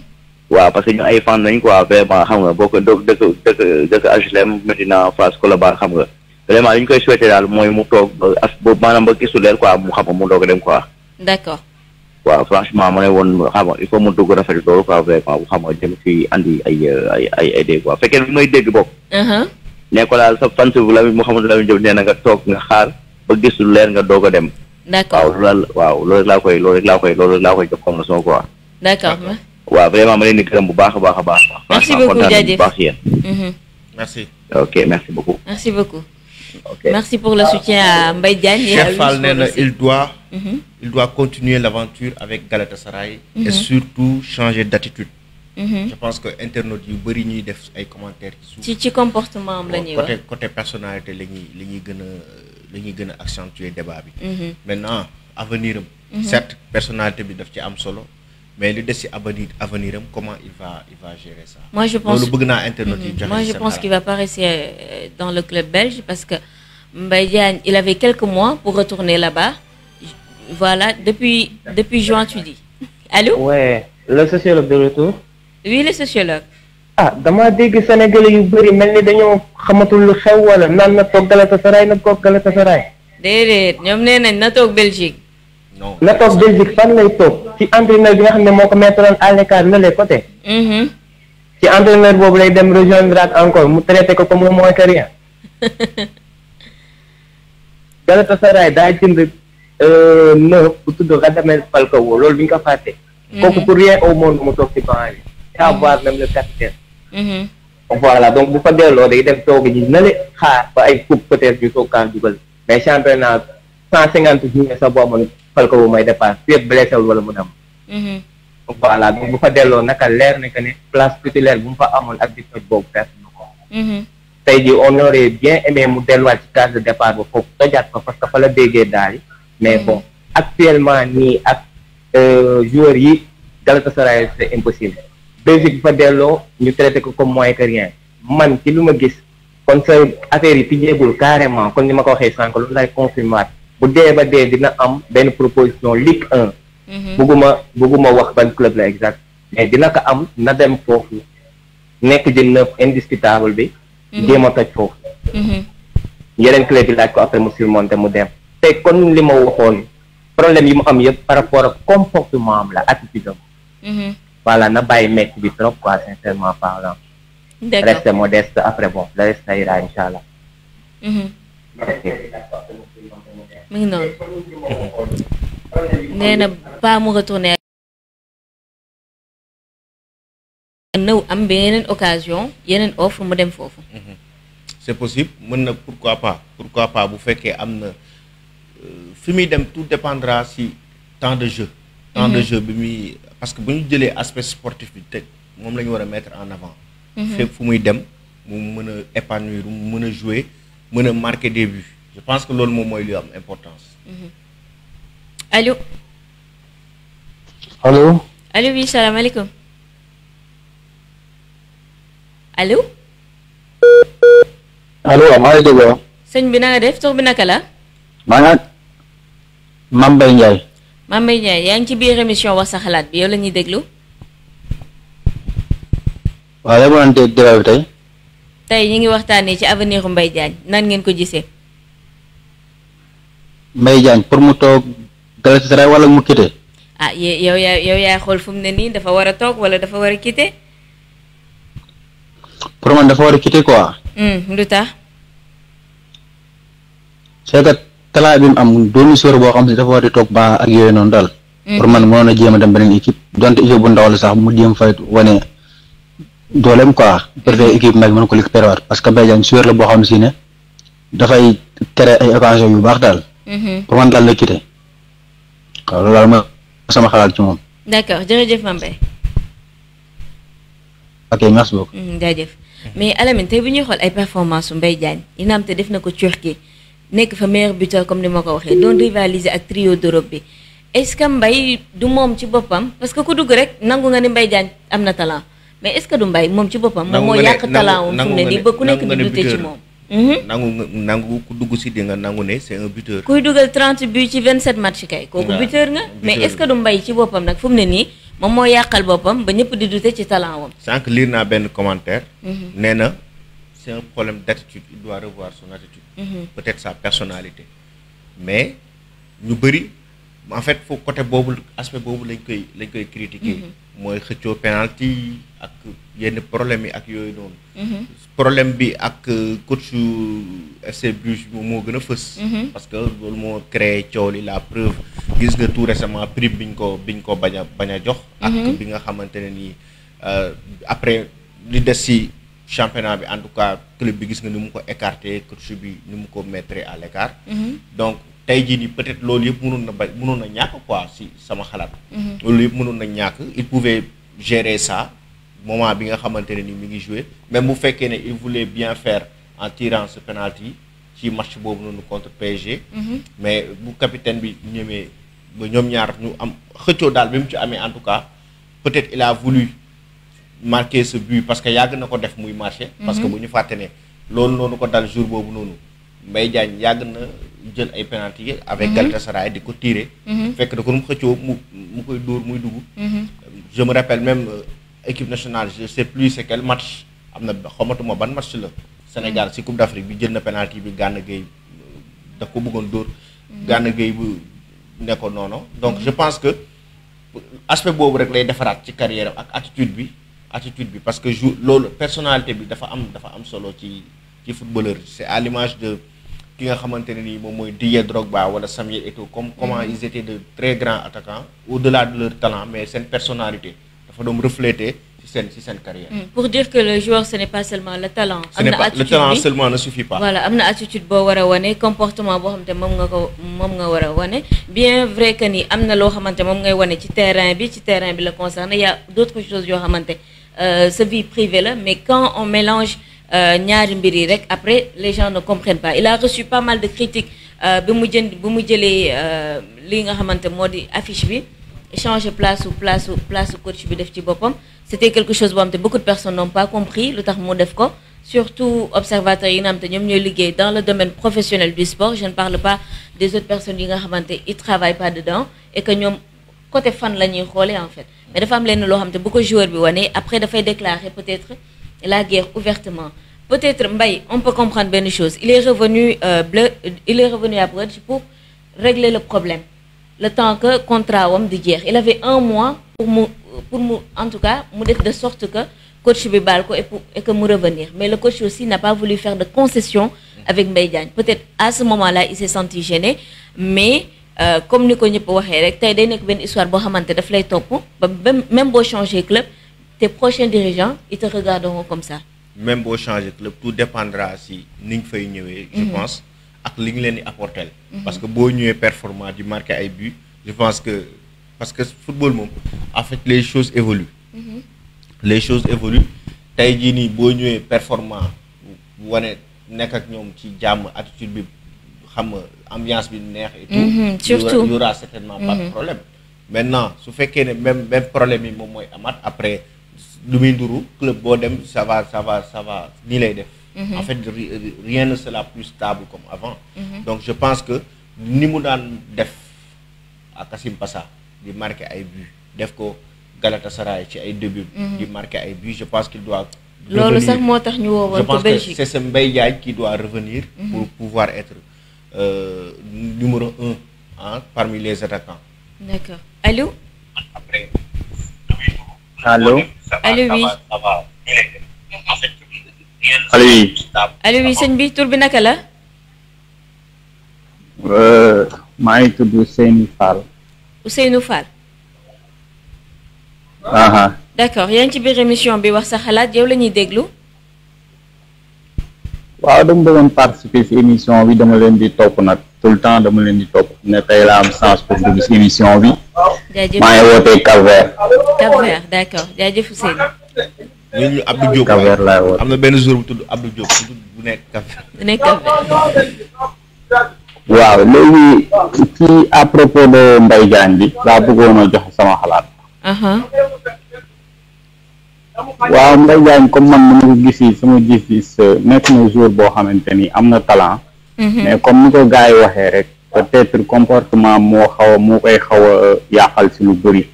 waaw parce que ñu ay fan a quoi vraiment xam nga boo ko dëkk dëkk dëkk HLM Medina Fass Colobane xam nga vraiment li ñu koy souhaité daal mooy mu toog as boobu maanaam ba gisul leen quoi mu xam nga mu doog a dem quoi. d'accord. waaw xam nga il faut mu dugg rafetlu loolu xam nga dem si andi ay ay ay dégg quoi fekkee bi may dégg bokk. Uh-huh. ne ko daal sa fan si bu la Mouhamadou Lamine Diop nee na nga toog nga xaar ba gisul leen nga doog a dem. d'accord waaw loolu waaw loolu rek laa koy loolu rek laa koy loolu rek laa koy jox comme na soo quoi. d'accord. waaw vraiment ma leen di gërëm bu merci beaucoup jaajëf mhm. merci. ok merci beaucoup. merci beaucoup. Merci pour le soutien à Mbaye Diagne. Chef Falner, il doit, mhm. il doit continuer l'aventure avec Galatasaray mm et mhm. surtout changer d'attitude. Mm Je pense que internautes yu bëri ñuy def ay commentaires ci ci comportement am la ñuy wax côté côté personnalité la ñuy la ñuy gën a la ñuy accentuer débat bi. maintenant avenir am. certes personnalité bi daf ci am solo mais le décès avenir, avenir comment il va, il va gérer ça Moi, je pense, Donc, mmh. Moi, je pense qu'il va pas rester euh, dans le club belge parce que il avait quelques mois pour retourner là-bas. Voilà, depuis, depuis juin, tu dis. Allô Ouais, le sociologue de retour. Oui, le sociologue. ah dama dégg Sénégalais yu bëri melni ni dañoo xamatul lu xew wala la na toog Galatasaray na toog Galatasaray. déedéet ñoom nee nañ na toog Belgique. na toog Belgique fan lay toog ci entraîneur bi nga xam ne moo ko mettroon à l'écart la les côté mm-hmm. ci entraîneur boobu lay dem rejoindre ak encore mu traité ko comme moins que rien <laughs> Galatasaray daa jënd euh, neuf bu tudd Radamel Falcao loolu duñ ko fàtte mm-hmm. kooku pour rien au monde mu toog ci banc bi ça voir même le capitaine mm-hmm. voilà donc bu fa delloo day dem toog ji na le xaar ba ay coupe peut-être ñu kaa dugal mais championnat cent cinquante journée sa boobu Falcao bu mooy départ su yëpp blessé wul wala mu dem. voilà bu fa delloo naka leer na que ne place titulaire bu mu fa amoon ak di toj boobu perte na ko. tey jii on aurait bien aimé eh, mu delluwaat ci case de départ ba foofu ko parce que fa la déggee daal mais bon actuellement nii ak joueurs yi Galatasaray sa impossible. Belgique bu fa delloo ñu traité ko comme moins que rien man ci lu ma gis kon sa affaire yi tijjeegul carrément kon ni ma ko waxee sànq loolu lay confirmer bu dee ba dee dina am benn proposition Ligue 1. Mhm. bëgguma bëgguma wax ban club la exact dina ka am na dem foofu nekk di neuf indiscutable bi. Mhm. jéem a toj foofu. Mhm. yeneen club yi laaj ko après mu surmonter mu dem. te kon li ma waxoon problème yi mu am yëpp par rapport ak comportement la attitude am. na bàyyi metti bi trop quoi a parlant. d'accord reste modeste après bon le reste ira incha allah. mu noonu nee na ba mu retourné nëw am ba occasion yeneen offre mu dem foofu mhm. c'est possible mën na pourquoi pas pourquoi pas bu fekkee am na euh, fi muy dem tout dépendra si temps de jeu temps de mhm. jeu bi muy parce que bu ñu jëlee aspect sportif bi teg moom la ñu war a mettre en avant mhm. fépp fu muy dem mu mën a épanouir mu mën a jouer mën a marquer des buts je pense que loolu moom mooy lu am importance. allo. allo. alo oui salaamaaleykum. allo. allo maa ngi bi na def tur bi naka la. maa ngi ak Mame Mbaye yaa ngi ci biir émission wax sa xalaat bi yow la déglu. waaye yow moo naan tey tey. tey ñu ngi waxtaanee ci avenir Mbaye Diagne nan ngeen ko gisee. may Diagne pour mu toog Galatasaray Saray wala mu quitté. ah yow yaa yow yaa xool fu mu ne nii dafa war a toog wala dafa war a quitté. pour man dafa war a quitté quoi. lu tax. c'est que talaa bi mu am doonu sóor boo xam ne dafa war di toog ba ak yooyu noonu dal pour man mënoon a jéem a dem beneen équipe donte équipe bu ndaw la sax mu jéem fay wane dooleem quoi pour que équipe nag mën ko lik waat parce que Mbaye Diagne sóor la boo xam si ne dafay créer ay occasion yu baax dal Mm-hmm. pour man daal la quitté loolu daal sama xalaat ci moom. d'accord jërëjëf Mame Mbaye. ok merci beaucoup. Mm, jaajëf mais Alamine tey bu ñuy xool ay performance su Mbaye Diagne yi naam te def na ko Turquie nekk fa meilleur buteur comme ni ma ko waxee doon rivaliser ak trio d'Europe bi est-ce que Mbaye du moom ci boppam parce que ku dugg rek nangu nga ni mbay Diagne am na talent mais est-ce que du Mbaye moom ci boppam. moom moo yàq talent wu fi mu ne nii ba ku nekk di douter ci moom. Mhm. c'est un buteur. mais est-ce que du mbay ci boppam vous ne ba commentaire. Mhm. c'est un problème d'attitude il doit revoir son attitude. Mhm. peut-être sa personnalité mais nous vous en fait foofu côté boobu aspect boobu lañ koy lañ koy critiquer. Mm-hmm. mooy xëccoo penalty ak yenn problème yi ak yooyu noonu. Mm-hmm. problème bi ak euh, coach FC Bruges moom moo gën a fës. Mm-hmm. parce que loolu moo créé coow li la preuve gis nga tout récemment prix biñ ko biñ ko bañ a bañ a jox. ak bi nga xamante ne nii euh, après li des si championnat bi en tout cas club bi gis nga ni mu ko écarté coach bi ni mu ko mettre à l'écart donc tey ni peut-être loolu yeb mënoon na bay mënoon na ñàkk quoi si sama xalat mhm. loolu yeb mënoon na ñàkk il pouvait gérer ça moment bi nga xamante ni mi ngi jouer même bu fekkee ne il voulait bien faire en tirant ce penalty ci match bobu noonu contre PSG. Mhm. mais bu capitaine bi ñëmé ba ñom ñaar ñu am xëccoo dal bi mu ci amé en tout cas peut-être il a voulu marquer ce but parce que yag na ko def muy marché. parce que mhm. bu ñu fàtte ne lolou noonu ko dal jour bobu noonu Mbaye Diagne yag na. jël ay penalty avec mhm. Galatasaray di ko tirer. Mhm. fekk da ko mu xëccoo mu koy dóor muy dugg. Mhm. je me rappelle même euh, équipe nationale je sais plus c'est match am na xamatuma ban match la. Sénégal si Coupe d'Afrique bi jël na penalty bi Gana Gueye euh, daf ko bëggoon dóor. Gana géey bu ne ko noonu. donc je pense que aspect boobu rek lay defaraat ci carrière ak attitude bi attitude bi parce que jour loolu personalité bi dafa am dafa am solo ci ci footballeur c'est qui a Didier Drogba ou Samuel Eto'o, comme comment mm-hmm. ils étaient de très grands attaquants, au-delà de leur talent, mais c'est une personnalité. Il faut donc refléter c'est une carrière. Mm. Pour dire que le joueur, ce n'est pas seulement le talent. Ce pas, le talent seulement ne suffit pas. Voilà, il y a une attitude, un comportement, bien vrai que ni amna lo xamanté mom ngay wone ci terrain bi ci terrain bi le concerne, il y a d'autres choses yo xamanté euh, sa vie privée là mais quand on mélange euh, ñaari mbir yi rek après les gens ne comprennent pas il a reçu pas mal de critiques euh, bi mu jënd bi mu jëlee euh, li nga xamante moo di affiche bi changer place ou place ou place coach bi def ci boppam c'était quelque chose boo beaucoup de personnes n'ont pas compris lu tax mu def ko surtout observateurs yi nga xam te ñoom ñooy dans le domaine professionnel du sport je ne parle pas des autres personnes yi nga xamante ils travaillent pas dedans et que ñoom côté fan la ñuy xoolee en fait mais dafa am lenn loo xam te bu ko joueur bi wane après dafay déclarer peut-être la guerre ouvertement peut-être Mbaye on peut comprendre une chose il est revenu euh, bleu il est revenu à Bruges pour régler le problème le temps que contrat homme de guerre, il avait un mois pour pour en tout cas nous de sorte que coach Bibalko et que nous revenir mais le coach aussi n'a pas voulu faire de concession avec Mbaye peut-être à ce moment-là il s'est senti gêné mais euh, comme nous connaissons pas, waxee rek tey day histoire Même même changer club tes prochains dirigeants ils te regarderont comme ça même bo changer club tout dépendra si niñ fay ñëwé je mhm. pense ak liñ leen apporter. Mhm. parce que on est performant du marquer ay buts je pense que parce que football mom en fait les choses évoluent. Mhm. les choses évoluent Si on est performant on nek ak ñom ci attitude bi xam ambiance bi neex. et tout il y aura certainement pas de problème. maintenant su fekkee ne même même problème yi moom mooy amaat après lu muy nduru club ça va ça va ça va ni lay def. Mhm. en fait rien ne sera plus stable comme avant. Mhm. donc je pense que ni mu def à Kassim Passa di marqué ay buts def ko Galatasaray ci ay début. Mhm. di marqué ay je pense qu'il doit. je pense que c'est Mbaye qui doit revenir. pour pouvoir être euh, numéro un hein, parmi les attaquants. d'accord allô. Allô Allô, oui. Allô, oui. Allô, oui, Je suis euh, d'accord y a ci petite émission bi wax sa xalaat yow la déglu. participer ci émission dama di top tout le temps dama leen di topp ne tey laa am chance pour dugg si émission bi. jaajëf wootee Cap-Vert. Cap-Vert d' accord benn jour bu tudd Abdou Diop bu nekk cap waaw léegi ci à propos de Mbaye bi laa bëggoon a jox sama xalaat. waaw Mbaye Diagne comme man ni ma ko gis sama gis-gis euh, nekk na jour boo xamante ni am na talent. Mm-hmm. mais comme ni ko gars yi waxee rek peut-être comportement moo xaw a moo koy xaw a yàqal si lu bëri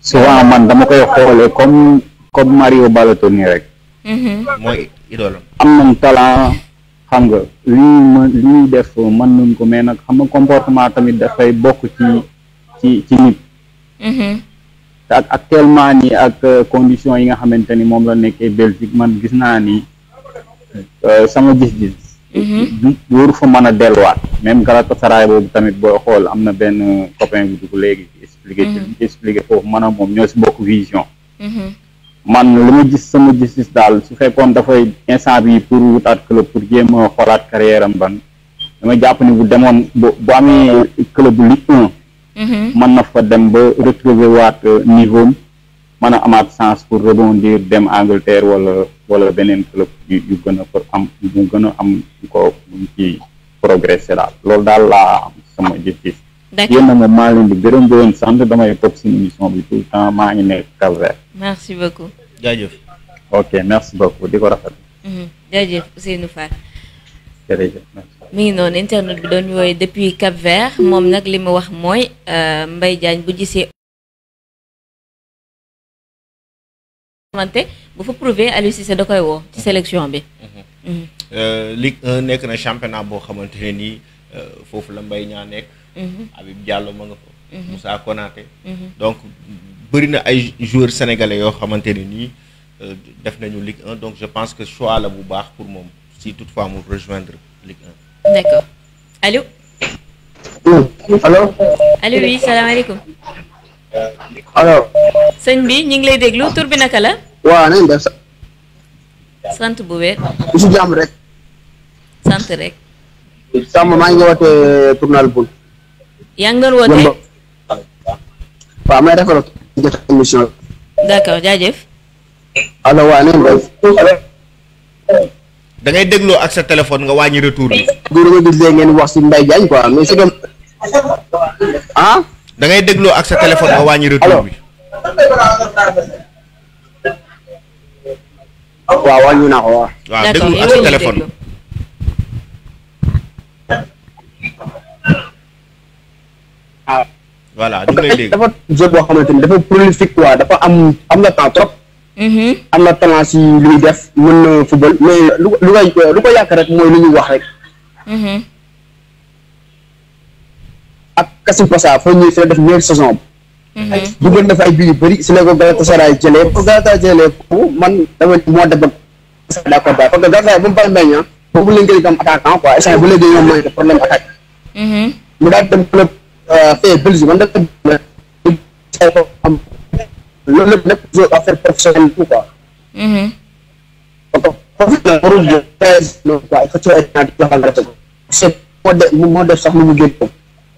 souvent man dama koy xoolee comme comme Mario nii rek mm-hmm. mooy idoolam am nañ talent xam nga lu ñuy li ñuy def mën nañ ko mais nag xam nga comportement tamit dafay bokk ci ci ci nit mm-hmm. ak actuellement nii ak euh, condition yi nga xamante ni moom la nekkee Belgique man gis naa ni euh, sama gis-gis Mm-hmm. dooru fa mën a delluwaat même Galatasaray boobu tamit booy xool am na benn copain bu dugg léegi expliqué ci mm-hmm. expliqué foofu man a moom ñoo si bokk vision mm-hmm. man li ma gis sama gis-gis daal su fekkoon dafay instant bi pour wutaat club pour jéem a xoolaat carrière am jàpp ni bu demoon bu bu amee club bu Ligue 1 na fa dem ba retrouver waat euh, niveau mën a amaat chance pour rebondir dem Angleterre wala wala benen club yu yu gën a am mu gëna a am ko mu ci progresser la loolu dal la sama jëfis gis yéen moom maa leen di gërëm di leen sant damay top ci émission bi tout temps maa ngi nekk calvaire merci beaucoup jaajëf ok merci beaucoup di ko rafet mhm. jaajëf Ousseynou Fall jërëjëf mi ngi noonu internet bi doon ñu depuis Cap-Vert moom nag li mu wax mooy euh, mbay Diagne bu gisee xamante bu fa prouver Aliou Cissé da koy woo ci mhm. sélection bi. Mhm. Mhm. Euh, Ligue 1 nekk na championnat bo xamanteni ni nii euh, foofu la mbay ñaa nek abib Diallo ma nga fa. Moussa Konaté. donc bëri na ay joueurs sénégalais yo xamanteni ni nii euh, def nañu Ligue 1 donc je pense que choix la bu baax pour mom si toutefois mu rejoindre Ligue 1. d'accord allô allô allô oui salam salaamaaleykum. alors. sëñ bi ñu ngi lay déglu ah. tur bi naka la. waaw nañ def sax. sant bu wér. bu si jàmm rek. sant rek. sàmm maa ngi wootee euh, tournal bul. yaa ngi doon wootee. waaw may rafetlu jot émission bi. d'accord jaajëf. allo waaw nañ def. da dégloo ak sa téléphone nga wàññi retour bi. du nga gis léegi wax si Mbaye Diagne quoi mais su ah. da ngay dégloo ak sa téléphone nga wàññi retour bi. waaw wàññi naa ko waaw. waaw déglu ak sa téléphone. waaw. Ah. voilà ñu ngi lay dégg dafa jeu boo xamante ni dafa prolifique quoi dafa am am na temps trop. Mm-hmm. am na talent si li muy def mën na football mais lu lu koy lu ko yàq rek mooy lu ñuy wax rek. Mm-hmm. Kassim Passa fa ñëwee fi la def meilleure saison dugal na fa ay biir yu bëri si la ko Galatasaray ko Galatasaray jëlee ko man dama moo debat d'accord baax parce que Galatasaray bu mu bàyyi Mbaye Niang boobu lañ gën a am attaquant quoi échange bu léegi ñoom mooy problème attaque mu daal dem club fee Belgique man dafa ko am loolu lépp nekk jeu affaire professionnelle tout quoi foofu la warul jël quoi il faut que ay joxal rek c'est moo def sax mu génn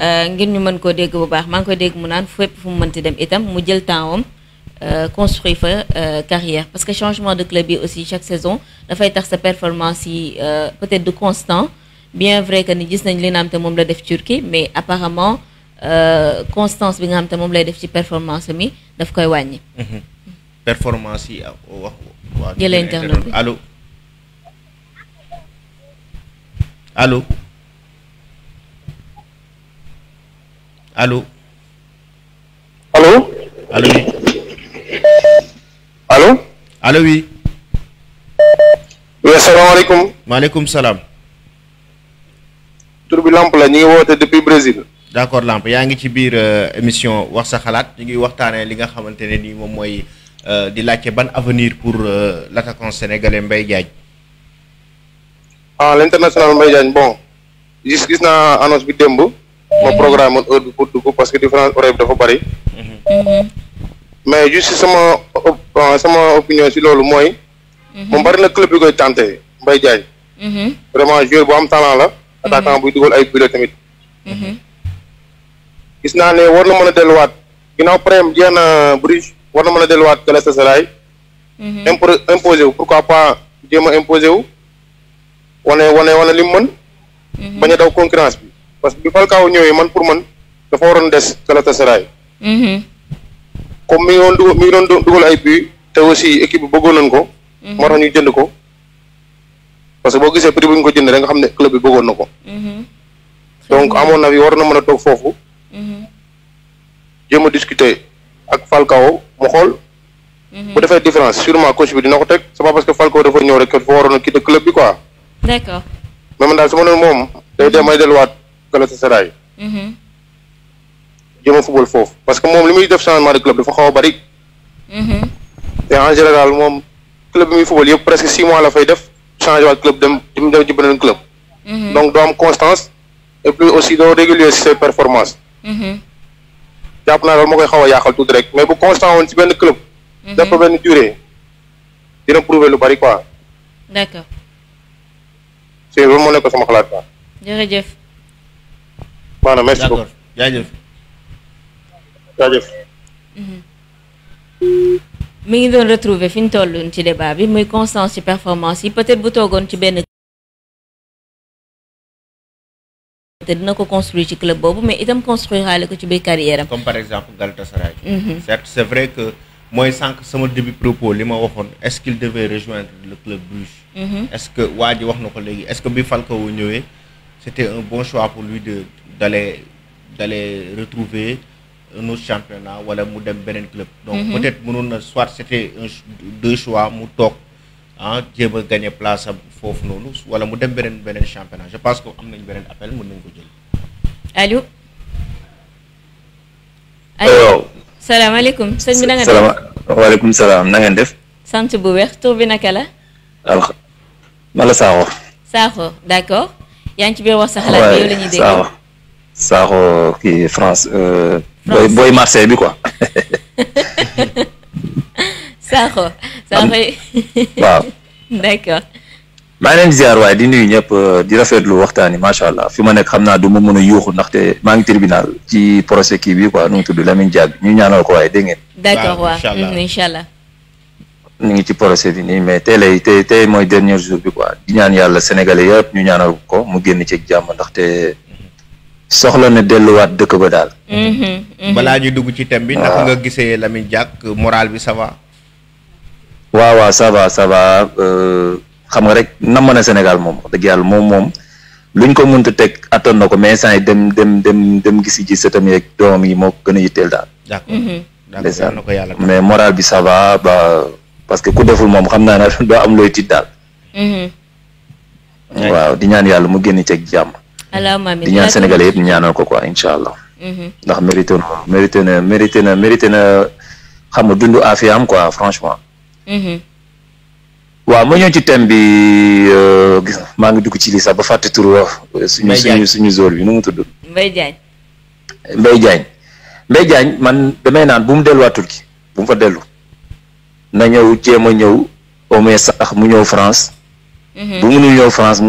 Euh, ngir ñu mën koo dégg bu baax maa ngi koy dégg mu naan fépp fu mu mënti dem itam mu jël temps am euh, construire fa euh, carrière parce que changement de club yi aussi chaque saison dafay tax sa performance yi peut-être de constant bien vrai que ni gis nañ li nga xam te moom la def Turquie mais apparemment constance bi nga xam te moom lay def ci performance mi daf koy wàññi. Mm-hmm. performance yi wax ah, waa. jëlee internet allo allo. allo Halo. Halo. oui Halo, allo oui oui ya, asalaamaaleykum maaleykum salaam tur bi lamp la ñu ngi depuis brésil D'accord lamp yaa ngi ci biir émission wax sa xalaat ñu ngi waxtaanee li nga xamante ne nii moom mooy eh, di laajte ban avenir pour eh, l' attaquant sénégalais Mbaye Diagne ah l' international Mbaye Diagne bon gis gis naa annonce bi démb ma programme woon heure bi pour dugg parce que différence horaire bi dafa bëri. Mhm. mais juste sama ah, sama opinion si loolu mooy. Mhm. moom bëri na club yi koy tenté Mbaye Diagne. Mhm. vraiment joueur bu am talent la. attaquant buy dugal ay buts tamit. gis naa ne war na mën a delluwaat ginnaaw prem jeex na Bruges war na mën a delluwaat Galatasaray. impo imposé wu pourquoi pas jéem a imposé wu wane wane wane li mu mën. bañ a daw concurrence bi. parce que bi Falcao ñëwee man pour man dafa waroon des Galatasaray. Mhm. comme mi ngi doon dugal mi ngi dugal ay te aussi équipe bi bëggoon nañ ko. Mhm. moo tax ñu jënd ko parce que boo gisee prix bu ñu ko jënd rek nga xam ne club bi bëggoon na ko. Mhm. donc amoon na fi war na mën a toog foofu. jéem a discuter ak Falcao mu xool. bu defee différence sûrement coach bi dina ko teg c'est pas parce que Falcao dafa ñëw rek dafa waroon a quitter club bi quoi. d'accord. mais man moom day dem ay delluwaat. Galatasaray. Mm-hmm. jéem a football foofu parce que moom li muy def changement de club dafa xaw a bari. Mm-hmm. te en général moom club bi muy football yëpp presque six mois la fay def changé waat club dem dem ci beneen club. Mm-hmm. donc doo am constance et puis aussi doo régulier si say performance jàpp naa loolu moo koy xaw a yaaxal tuuti rek mais bu constant woon si benn club. dafa benn durée dina prouver lu bari quoi. d'accord. c'est nekk sama xalaat quoi. maanaam merci beaucoup jaajëf jaajëf mhm. mi ngi retrouver fin ñu ci débat bi constance et performance et peut-être bu toogoon ci Peut-être dina ko construire ci club mais itam construire xaale ko ci carrière comme par exemple Galatasaray mhm. certes c'est vrai que que ce sama début propos li ma est-ce qu'il devait rejoindre le club Bruges mhm. est-ce que wadi ji wax est-ce que bi ou ñëwee c'était un bon choix pour lui de d'aller d'aller retrouver un autre championnat wala mu dem beneen club. donc mm -hmm. peut-être mënoon soit c'était un deux choix mu toog ah jéem gagner place am foofu ou wala mu dem beneen beneen championnat je pense que am nañ beneen appel mën nañ ko Allô Allô salam salaamaaleykum sëñ bi na nga def salaamaaleykum salaam na ngeen def. sant bu bi Mala Sakho. Sakho d'accord yaa ngi ci biir wax sa bi yow Sakho kii France. Euh, boy boy Marseille bi quoi. Sakho. <laughs> Sakho waaw. <laughs> d'accord. maa neen leen ziar waaye di nuyu ñëpp euh, di rafetlu waxtaan yi macha allah fi ma nekk xam naa du ma mën a yuuxu ndaxte maa ngi tribunal ci procès kii bi quoi nu mu tudd Lamine Diack ñu ñaanal ko waaye dégg ngeen. d'accord waaw incha allah ñu ngi ci procès bi nii mais te lay tey tey mooy dernier jour bi quoi di ñaan yàlla sénégalais yëpp ñu ñaanal ko mu génn ci jàmm ndaxte. soxla ne delluwaat dëkk ba daal. Mhm, mhm. balaa ñu dugg ci thème bi. naka ah. nga gisee Lamine Diack moral bi ça va. waaw waaw ça euh, xam nga rek namm na Sénégal moom wax dëgg yàlla moom moom luñ ko mënta teg attan na ko mais saa dem dem dem dem ci sa sëtam yeeg doomam yi moo gën a yitteel daal. d'accord mhm. mais moral bi ça va ba parce que ku deful moom xam naa ne <laughs> doo am looy tiit daal. waaw di ñaan yàlla mu génn ci ak jàmm. alaama amiin di ñaan Sénégalais yëpp ñaanal ko ko incha allah. Mhm. ndax mérité na mérité na mérité na mérité na xam nga dund afiyaam quoi franchement. Mhm. waaw ma ci thème bi euh, gis maa ngi dugg ci lii sax ba fàtte tur euh, suñu suñu suñu zone bi nu mu tudd. Mbaye Diagne. Mbaye Diagne man damay naan bu mu delluwaat Turquie bu mu fa dellu. na ñëw jéem a ñëw au moins sax mu ñëw France. Mhm. bu mu mënul ñëw France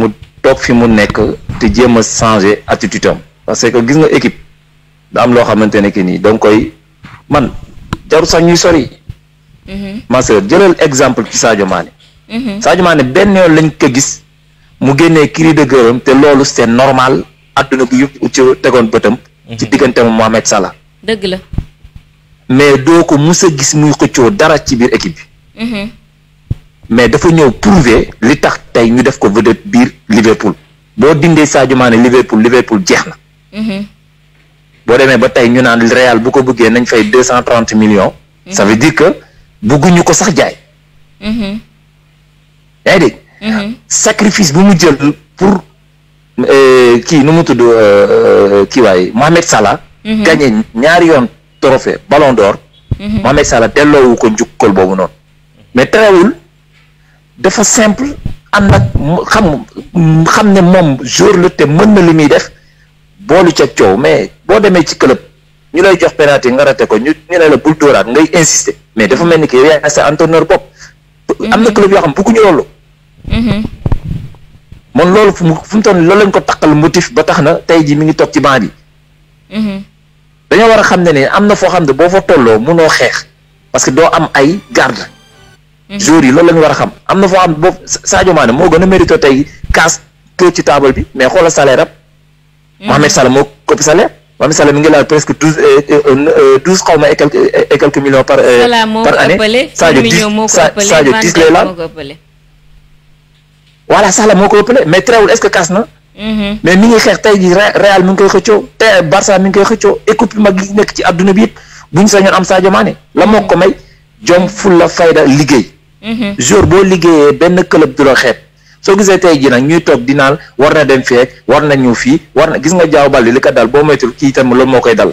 toog fi mu nekk te jéem a changer attitude am parce que gis nga équipe da loo xamante ne que nii danga koy man jaru sax ñuy sori. Mhm. ma jëlal exemple ci Sadio Mané. Mhm. Sadio Mané benn yoon lañ ko gis mu génnee cri de guerre te loolu seen normal àdduna bi yëpp ci tegoon bëtam. Mhm. ci digganteem Mohamed Salah. dëgg la. mais doo ko mus gis muy xëccoo dara ci biir équipe bi. mais dafa ñëw prouver li tax tay ñu def ko vedette bir Liverpool bo dindé Sadio Mané Liverpool Liverpool jeex hmm bo démé ba tay ñu naan Real bu ko bëggé nañ fay 230 millions. ça mhm. veut dire que bëgguñu ko sax jaay. hmm ngi mhm. sacrifice bu mu jël pour euh, kii nu mu tudd euh, euh, kii waay Mohamed Salah. Mhm. gagné ñaari yoon trophée Ballon d'Or. Mohamed Salah delloowu ko njukkal boobu noonu mais terewul. dafa simple ànd ak xam xam ne moom jour la te mën na li muy def boolu ca coow mais boo demee ci club ñu lay jox penalty nga rate ko ñu ñu ne la bul dóoraat ngay insister mais dafa mel ni que yow yaa sa entraîneur bopp. am na mhm. club yoo xam bëgguñu loolu. Mhm. moom loolu fu mu fu mu toll loolu lañ ko taqal motif ba tax na tey jii mi ngi toog ci banc bi. Mhm. dañoo war a xam ne ne am na foo xam ne boo fa tolloo mënoo xeex parce que doo am ay garde. Mhm. joueurs yi loolu la ñu war a xam am na foo xam boobu Sadio Mané moo gën a mérité tey kaas toog ci table bi mais xoola salaire am. Mhm. Mohamed Salah moo copie salaire Mohamed Salah mi ngi laal presque douze euh, euh, euh, douze xaw ma et quelques et quelques millions par. par année Sadio dix Sadio dix lay laal. moo ko ëppale mais teewul est-ce que kaas na. Mhm. mais mi ngi xeex tey jii Real mu ngi koy xëccoo te Barça mi ngi koy xëccoo équipe mag yi nekk ci àdduna bi it bu ñu sañoon am saajo Mané la moo ko may jom fulla fayda liggéey. Mhm. jour boo liggéeyee benn club du la xeet soo gisee tey jii nag ñuy toog di naan war na dem feek war na ñëw fii war na gis nga jaaw bal li ko dal boo moytul kii itam loolu moo koy dal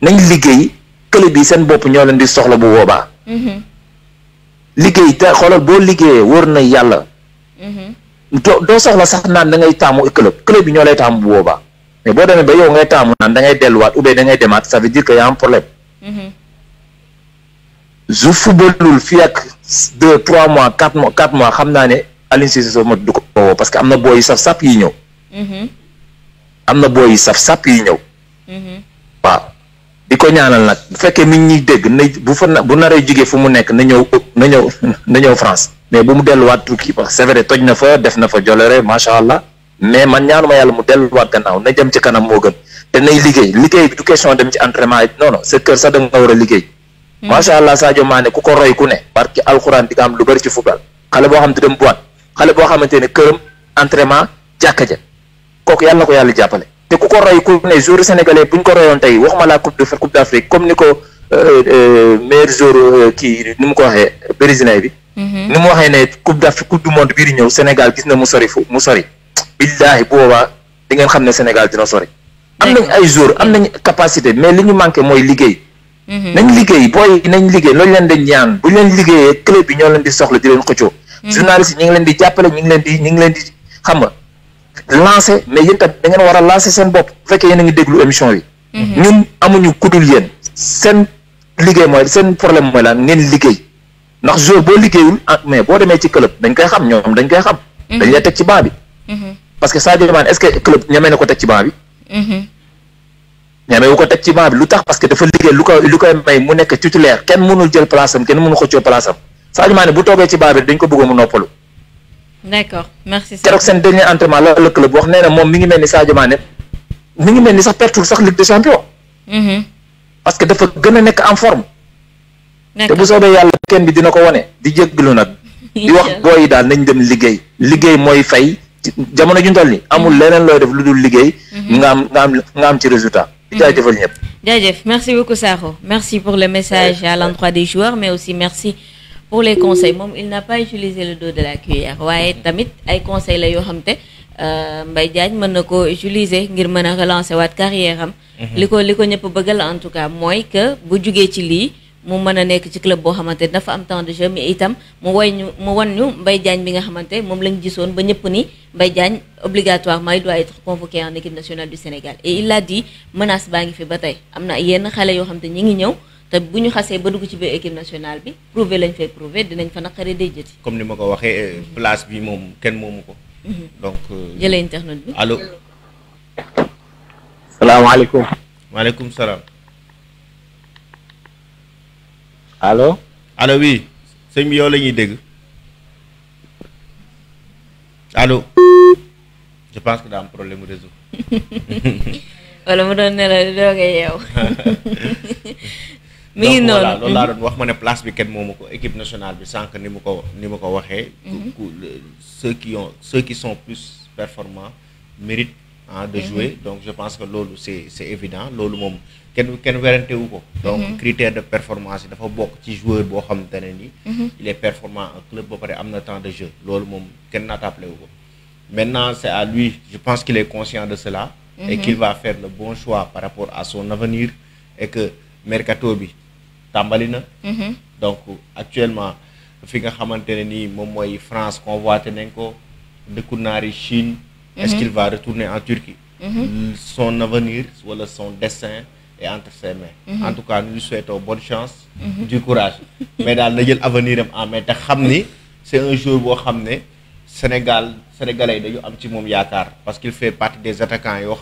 nañ liggéey club yi seen bopp ñoo leen di soxla bu boobaa. Mhm. liggéey te xoolal boo liggéeyee wóor na yàlla. Mhm. doo doo soxla sax naan da ngay taamu club club yi ñoo lay taamu bu boobaa mais boo demee ba yow ngay taamu naan da ngay delluwaat ou bien da ngay demaat ça veut dire que y deux trois mois quatre mois quatre mois xam naa ne Aliou Cissé Soph du ko woo parce que am na booy yu saf sap yi ñëw. Mhm. am na booy yu saf sap yi ñëw. Mhm. waaw di ko ñaanal nag bu fekkee nit ñi dégg na bu fa bu naree jugee fu mu nekk na ñëw na ñëw <laughs> na ñëw France mais bu mu delluwaat Turquie parce que c'est toj na fa def na fa jolore macha allah mais man ñaanuma yàlla mu delluwaat gannaaw na jëm ci kanam moo gën te nay liggéey liggéey bi du question dem ci entraînement non sax a liggéey. Hmm. macha allah Sadio Mané ku ko roy ku ne. parce que alxuraan di nga am lu bëri ci football. xale boo xam ne dem boîte xale xamante ne këram entraînement jàkka ja kooku yàlla na ko yàlla jàppale. te ku ko roy ku ne joueur sénégalais bu ñu ko royoon tey waxuma laa coupe de coupe d' Afrique comme ni ko euh, euh, meilleur joueur euh, kii ni mu ko waxe brésilien bi. Hmm. ni mu waxee ne coupe d' Afrique coupe du monde bii ñëw Sénégal gis na mu sori fu mu sori. billaahi boobaa di ngeen xam ne Sénégal dina sori. am nañ ay joueur am nañ capacité mais li ñu manqué mooy liggéey. Mm-hmm. nañ liggéey booy nañ liggéey loolu leen dañ ñaan bu leen liggéeyee club bi ñoo leen di soxla di leen xëccoo mm-hmm. journaliste yi ñu ngi leen di jàppale ñu ngi leen di ñu ngi leen di xam nga lancé mais yéen tamit da ngeen war a lancé seen bopp bu fekkee yéen a ngi déglu émission yi mm-hmm. ñun amuñu kudul yéen seen liggéey mooy seen problème mooy laan ngeen liggéey ndax jour boo liggéeyul ak ah, mais boo demee ci club dañ koy xam ñoom dañ koy xam dañ lay teg ci banc bi parce que Sadio Mané est ko teg ci banc ñamewu ko teg ci banc bi lu tax parce que dafa liggéey lu ko lu koy may mu nekk titulaire kenn mënul jël place am kenn mënul xëccoo place am Sadio Mané bi dañ ko bëgg mu noppalu. d'accord merci. keroog seen na moom mi ngi mel ni Sadio Mané mi ngi mel ni sax pertul mm-hmm. a nekk en forme. <laughs> amul mm-hmm. leneen looy def lu dul liggéey. Mm-hmm. nga am nga am nga am ci résultat. merci beaucoup Saro, merci pour le message à l'endroit des joueurs mais aussi merci pour les conseils Mom, il n'a pas utilisé le dos de la cuillère waaye mm-hmm. tamit ay conseils la yoo xam te euh, Mbaye Diagne il a ko utiliser ngir a relancer waat carrière am. Mm-hmm. li ko li ko en tout cas que bu ci mu mën nek ci club bo xamante dafa am temps de jeu mais itam mu way ñu mu wan ñu Mbaye Diagne bi nga xamante mom lañu gissone ba ñepp ni Mbaye Diagne obligatoirement il doit être convoqué en équipe nationale du Sénégal et il a dit menace baa fi ba tey na yenn xalé yo xam ñi ngi ñew te buñu ñu ba dugg ci bi équipe nationale bi prouver lañ fay prouver dinañ fa naqaree day jëti. comme ni mako ko place bi mom kenn momuko mhm. donc euh, jëlee internet bi allo. wa maaleykum salam Allô? Allô oui c'est mieux les idées Allô je pense que d'un un problème réseau. <laughs> wala mu doon ne la dooga yeew. <laughs> donc loolu l'a wax ma place bi kenn équipe nationale bi sànq ni mu ko ni mhm. ceux qui ont ceux qui sont plus performants méritent hein, de mhm. jouer donc je pense que loolu c'est c'est évident loolu quelle kenn werante wu donc mhm. critère de performance dafa bokk ci joueur boo xamante mhm. il est performant en club ba pare am temps de jeu loolu moom kenn n'a wu ko maintenant c'est à lui je pense qu'il est conscient de cela. et mhm. qu'il va faire le bon choix par rapport à son avenir et que mercato bi tàmbali donc actuellement fi nga xamante ni moom mooy France convoité nañ ko dëkku naari Chine. est-ce qu'il va retourner en Turquie. son avenir wala son destin et entre ses mains. Mhm. en tout cas nous lui souhaitons bonne chance. Mhm. du courage mais dans na jël avenir am en main te un jour où xam Sénégal sénégalais de dañu am ci parce qu'il fait partie des attaquants et au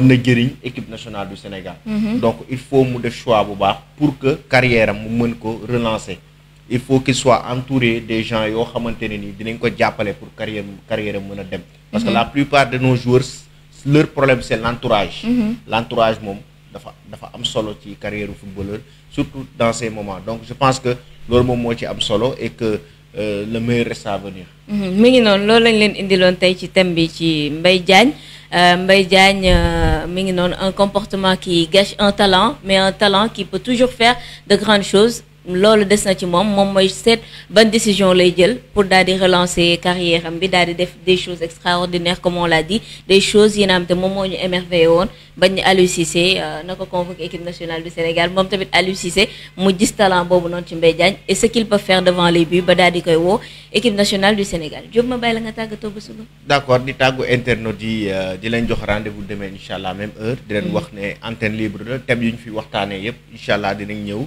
ne nii équipe nationale du Sénégal. Mhm. donc il faut mu choix pour que carrière am mu il faut qu'il soit entouré des gens et au ne nii dinañ ko pour carrière carrière mën parce que la plupart de nos joueurs leur problème c'est l'entourage. Mhm. L'entourage entourage. Mm -hmm. dafa am solo ci carrière footballeur surtout dans ces moments donc je pense que leur moment mo ci am solo et que euh, le meilleur reste à venir. mu mhm. ngi noonu loolu lañ leen indiloon tay ci thème bi ci Mbaye Diagne euh, Mbaye Diagne euh, mi ngi un comportement qui gâche un talent mais un talent qui peut toujours faire de grandes choses lolu des na ci mom mom moy set ban décision lay jël pour daal relancer carrière am bi daal def des choses extraordinaires comme on l'a dit des choses yi nga xam te moom moo ñu émerveillé won bañ Aliou Cissé euh, nako convoqué équipe nationale du Sénégal mom tamit Aliou Cissé mu gis talent bobu non ci Mbaye Diagne et ce qu'il peut faire devant les buts ba daal koy wo équipe nationale du Sénégal Diop ma bay la nga tàggatoo ba suba. d'accord di tàggu internautes euh, di di lañ jox rendez-vous demain Inshallah même heure. di leen mm. wax né antenne libre le thème yuñ fi waxtané yépp incha dinañ ñëw.